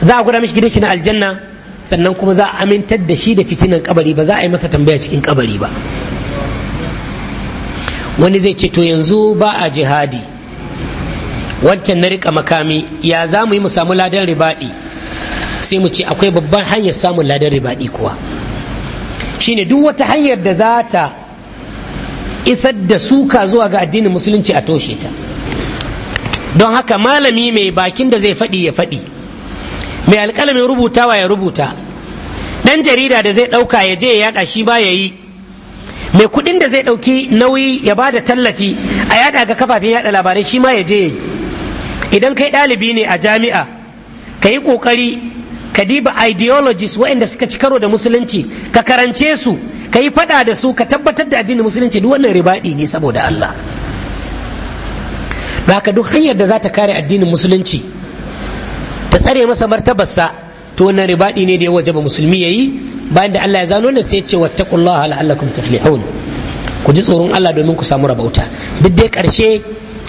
za a gwada mishi gidan shi na aljanna sannan kuma za a amintar da shi da fitinan kabari ba za a yi masa tambaya cikin kabari ba wani zai ce to yanzu ba a jihadi wancan na rika makami ya za mu yi mu samu ladan ribaɗi sai mu ce akwai babban hanyar samun ladan ribaɗi kuwa shine duk wata hanyar da za ta isar da suka zuwa ga addinin musulunci a toshe ta don haka malami mai bakin da zai faɗi ya faɗi mai alƙalamin rubutawa ya rubuta ɗan jarida da zai ɗauka ya je ya yaɗa shi ba ya yi mai kuɗin da zai ɗauki nauyi ya ba da tallafi a yaɗa ga kafafen yaɗa labarai shi ma ya je ya yi idan kai ɗalibi ne a jami'a ka yi ƙoƙari ka diba ideologies waɗanda suka ci karo da musulunci ka karance su ka yi faɗa da su ka tabbatar da addinin musulunci duk wannan ribaɗi ne saboda Allah ba ka duk hanyar da za ta kare addinin musulunci ta tsare masa martabarsa to wannan ribaɗi ne da ya wajaba musulmi ya yi bayan da Allah ya zano da sai ya ce wattaqullaha la'allakum tuflihun ku ji tsoron Allah domin ku samu rabauta duk dai ƙarshe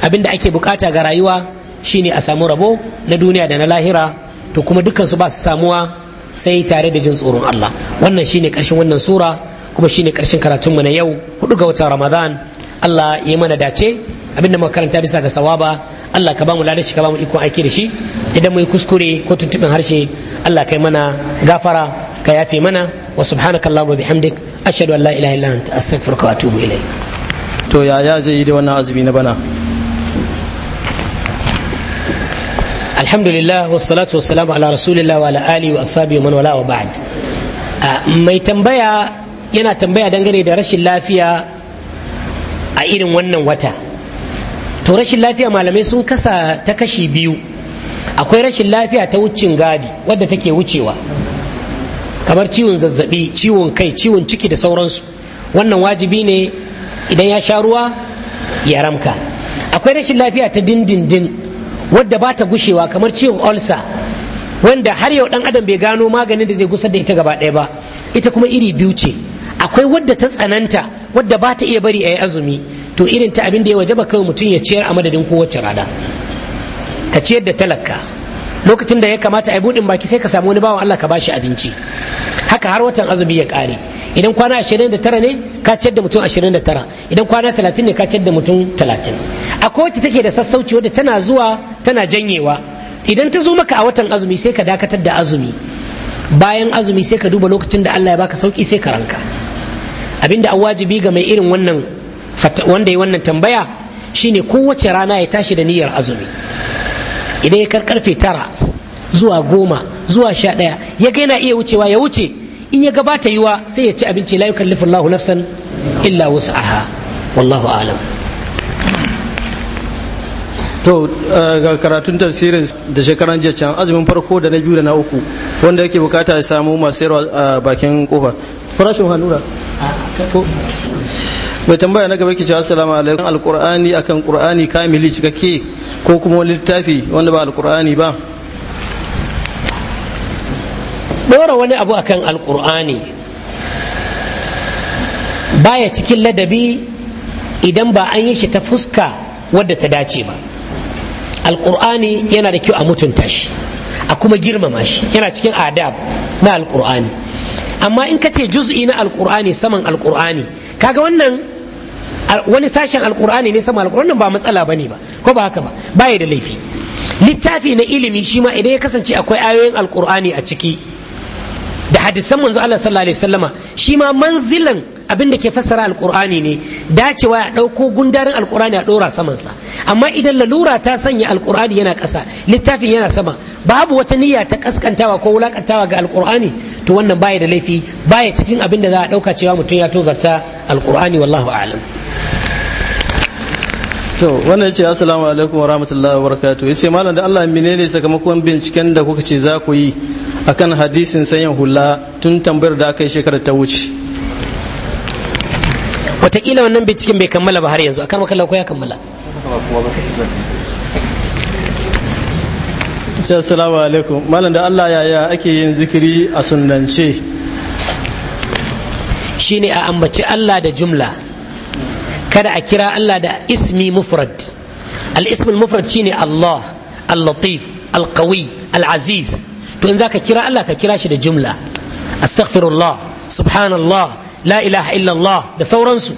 abinda ake bukata ga rayuwa shine a samu rabo na duniya da na lahira to kuma dukansu ba su samuwa sai tare da jin tsoron Allah wannan shine karshen wannan sura kuma shine karshen mu na yau hudu ga watan Ramadan Allah ya mana dace abinda muka karanta bisa ga sawaba Allah ka bamu ladashi ka bamu ikon aiki da shi idan mu yi kuskure ko tuntuɓin harshe Allah kai mana gafara ka yafe mana wa subhanakallahumma bihamdik ashhadu an la ilaha illa anta astaghfiruka wa atubu ilayk to yaya zai yi da wannan azumi na bana alhamdulillah wassalatu wassalamu ala rasulillah wa ala alihi wa ashabihi man wala wa ba'd mai tambaya yana tambaya dangane da rashin lafiya a irin wannan wata to rashin lafiya malamai sun kasa ta kashi biyu akwai rashin lafiya ta wucin gadi wadda take wucewa kamar ciwon zazzabi ciwon kai ciwon ciki da sauransu wannan wajibi ne idan ya sha ruwa ya ramka akwai rashin lafiya ta dindindin wadda ba ta gushewa kamar ciwon olsa wanda har yau dan adam bai gano maganin da zai gusar da ita gaba ɗaya ba ita kuma iri biyu ce akwai wadda ta tsananta wadda ba ta iya bari a yi azumi to irin ta abin da ya waje ba kawai mutum ya ciyar a madadin kowace rana ka ciyar da talaka lokacin da ya kamata a buɗin baki sai ka samu wani bawan Allah ka bashi abinci haka har watan azumi ya kare idan kwana 29 ne ka ciyar da mutum 29 idan kwana 30 ne ka ciyar da mutum 30 akwai wacce take da sassauci wadda tana zuwa tana janyewa idan ta zo maka a watan azumi sai ka dakatar da azumi bayan azumi sai ka duba lokacin da Allah ya baka sauki sai ka ranka abinda an wajibi ga mai irin wannan wanda ya wannan tambaya shine kowace rana ya tashi da niyyar azumi idan ya kar karfe tara zuwa goma zuwa sha ɗaya ya ga yana iya wucewa ya wuce in ya gabata yiwa sai ya ci abinci la yukallifu Allahu nafsan illa wus'aha wallahu a'lam to eh, ga karatun tafsirin da shekaran jiya can azumin farko da na biyu da na uku wanda yake bukata ya samu masu yarwa a bakin kofa farashin hannura mai tambaya na gaba ki cewa assalamu alaikum alqur'ani akan qur'ani kamili cikakke ko kuma wani littafi wanda ba alqur'ani ba dora wani abu akan alqur'ani baya cikin ladabi idan ba an yi shi ta fuska wadda ta dace ba alqur'ani yana da kyau a mutunta shi a kuma girmama shi yana cikin adab na alqur'ani amma in ka ce juz'i na alqur'ani saman alqur'ani kaga wannan wani sashen alkur'ani ne sama alkur'ani ba matsala ba ne ba ko ba haka ba baya da laifi littafi na ilimi shi ma idan ya kasance akwai ayoyin alkur'ani a ciki da hadisan manzo Allah sallallahu alaihi wasallama shi ma manzilan abin da ke fassara alkur'ani ne dacewa ya dauko gundarin alkur'ani a saman sa amma idan lalura ta sanya alkur'ani yana kasa littafin yana sama babu wata niyya ta kaskantawa ko wulakantawa ga alkur'ani to wannan baya da laifi baya cikin abin da za a dauka cewa mutum ya tozarta alkur'ani wallahu a'lam to wannan ce assalamu alaikum wa rahmatullahi wa barakatuh yace malam da Allah menene sakamakon binciken da kuka ce za ku yi akan hadisin sanyin hula tun tambayar da aka yi shekarar ta wuce wataƙila wannan binciken bai kammala ba har yanzu akan makalla ko ya kammala assalamu alaikum malam da Allah yaya ake yin zikiri a sunnance shine a ambaci Allah da jumla kada a kira Allah da ismi mufrad al-ism al-mufrad shine Allah al-latif al-qawi al-aziz to in zaka kira Allah ka kira shi da jumla astaghfirullah subhanallah la ilaha illallah da sauransu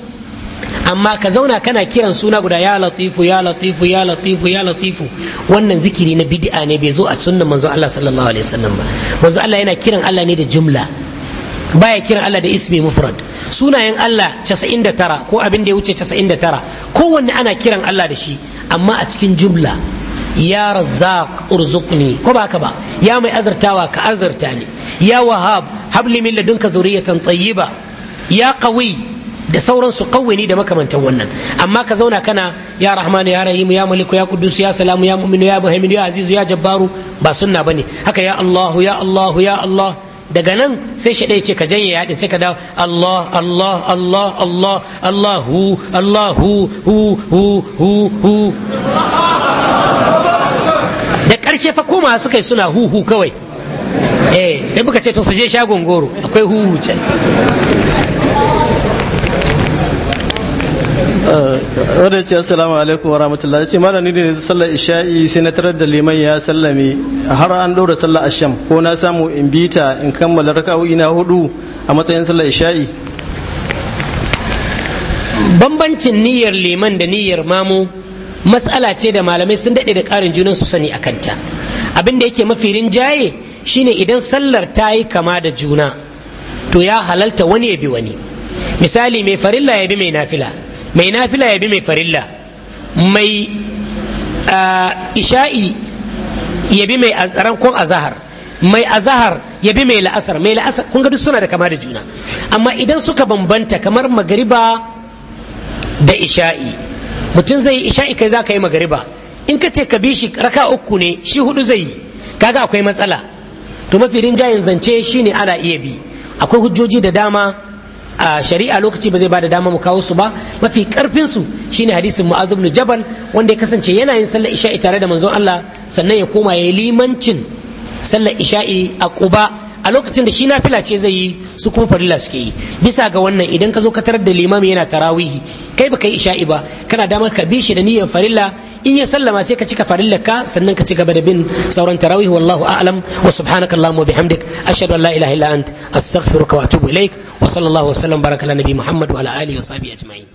amma ka zauna kana kiran suna guda ya latifu ya latifu ya latifu ya latifu wannan zikiri na bid'a ne bai zo a sunnan manzo Allah sallallahu alaihi wasallam ba manzo Allah yana kiran Allah ne da jumla baya kiran Allah da ismi mufrad sunayen Allah 99 ko abin da ya wuce 99 kowanne ana kiran Allah da shi amma a cikin jumla ya razzaq urzuqni ko ba ka ba ya mai azartawa ka azarta ne ya wahab habli min ladunka zuriyatan tayyiba ya qawi da sauransu kawai da makamantan wannan amma ka zauna kana ya rahmanu ya rahimu ya maliku ya kudus ya salamu ya mu'minu ya muhaiminu ya azizu ya jabbaru ba sunna bane haka ya allahu ya allahu ya allah daga nan sai shi ɗaya ce ka janye yaɗi sai ka dawo Allah Allah Allah Allah Allah hu Allah hu hu hu hu hu da ƙarshe fa koma suka yi suna hu hu kawai eh sai buka ce to su je shagon goro akwai hu hu can Eh, wadda ce assalamu alaikum wa rahmatullah ce malami ne sallar isha'i sai na tarar da liman ya sallame har an ɗora sallar asham ko na samu in bita in kammala raka'o'i ina hudu a matsayin sallar isha'i bambancin niyyar liman da niyyar mamu matsala ce da malamai sun daɗe da ƙarin junan su sani a kanta abin da yake mafi rinjaye shine idan sallar ta yi kama da juna to ya halalta wani ya bi wani misali mai farilla ya bi mai nafila mai nafila ya bi mai farilla mai isha'i ya bi mai rankon azahar mai azahar ya bi mai la'asar mai la'asar kun ga suna da kama da juna amma idan suka bambanta kamar magariba da isha'i mutum zai yi isha'i kai za ka yi magariba in ka ce ka bi shi raka uku ne shi hudu zai yi kaga akwai matsala to mafi rinjayen zance shine ana iya bi akwai hujjoji da dama a shari'a lokaci ba zai ba da dama mu kawo su ba mafi karfin su shine hadisin mu'adh ibn jabal wanda ya kasance yana yin sallar isha'i tare da manzon Allah sannan ya koma ya limancin sallar isha'i a quba a lokacin da shi nafila ce zai yi su kuma farilla suke yi bisa ga wannan idan ka zo ka tarar da limami yana tarawihi kai baka yi isha'i ba kana damar ka bi shi da niyyar farilla in ya sallama sai ka cika farilla ka sannan ka ci gaba da bin sauran tarawihi wallahu a'lam wa subhanakallahumma wa bihamdik ashhadu an la ilaha illa ant astaghfiruka wa atubu ilaik wa sallallahu wa sallam baraka ala nabi muhammad wa ala alihi wa sahbihi ajma'in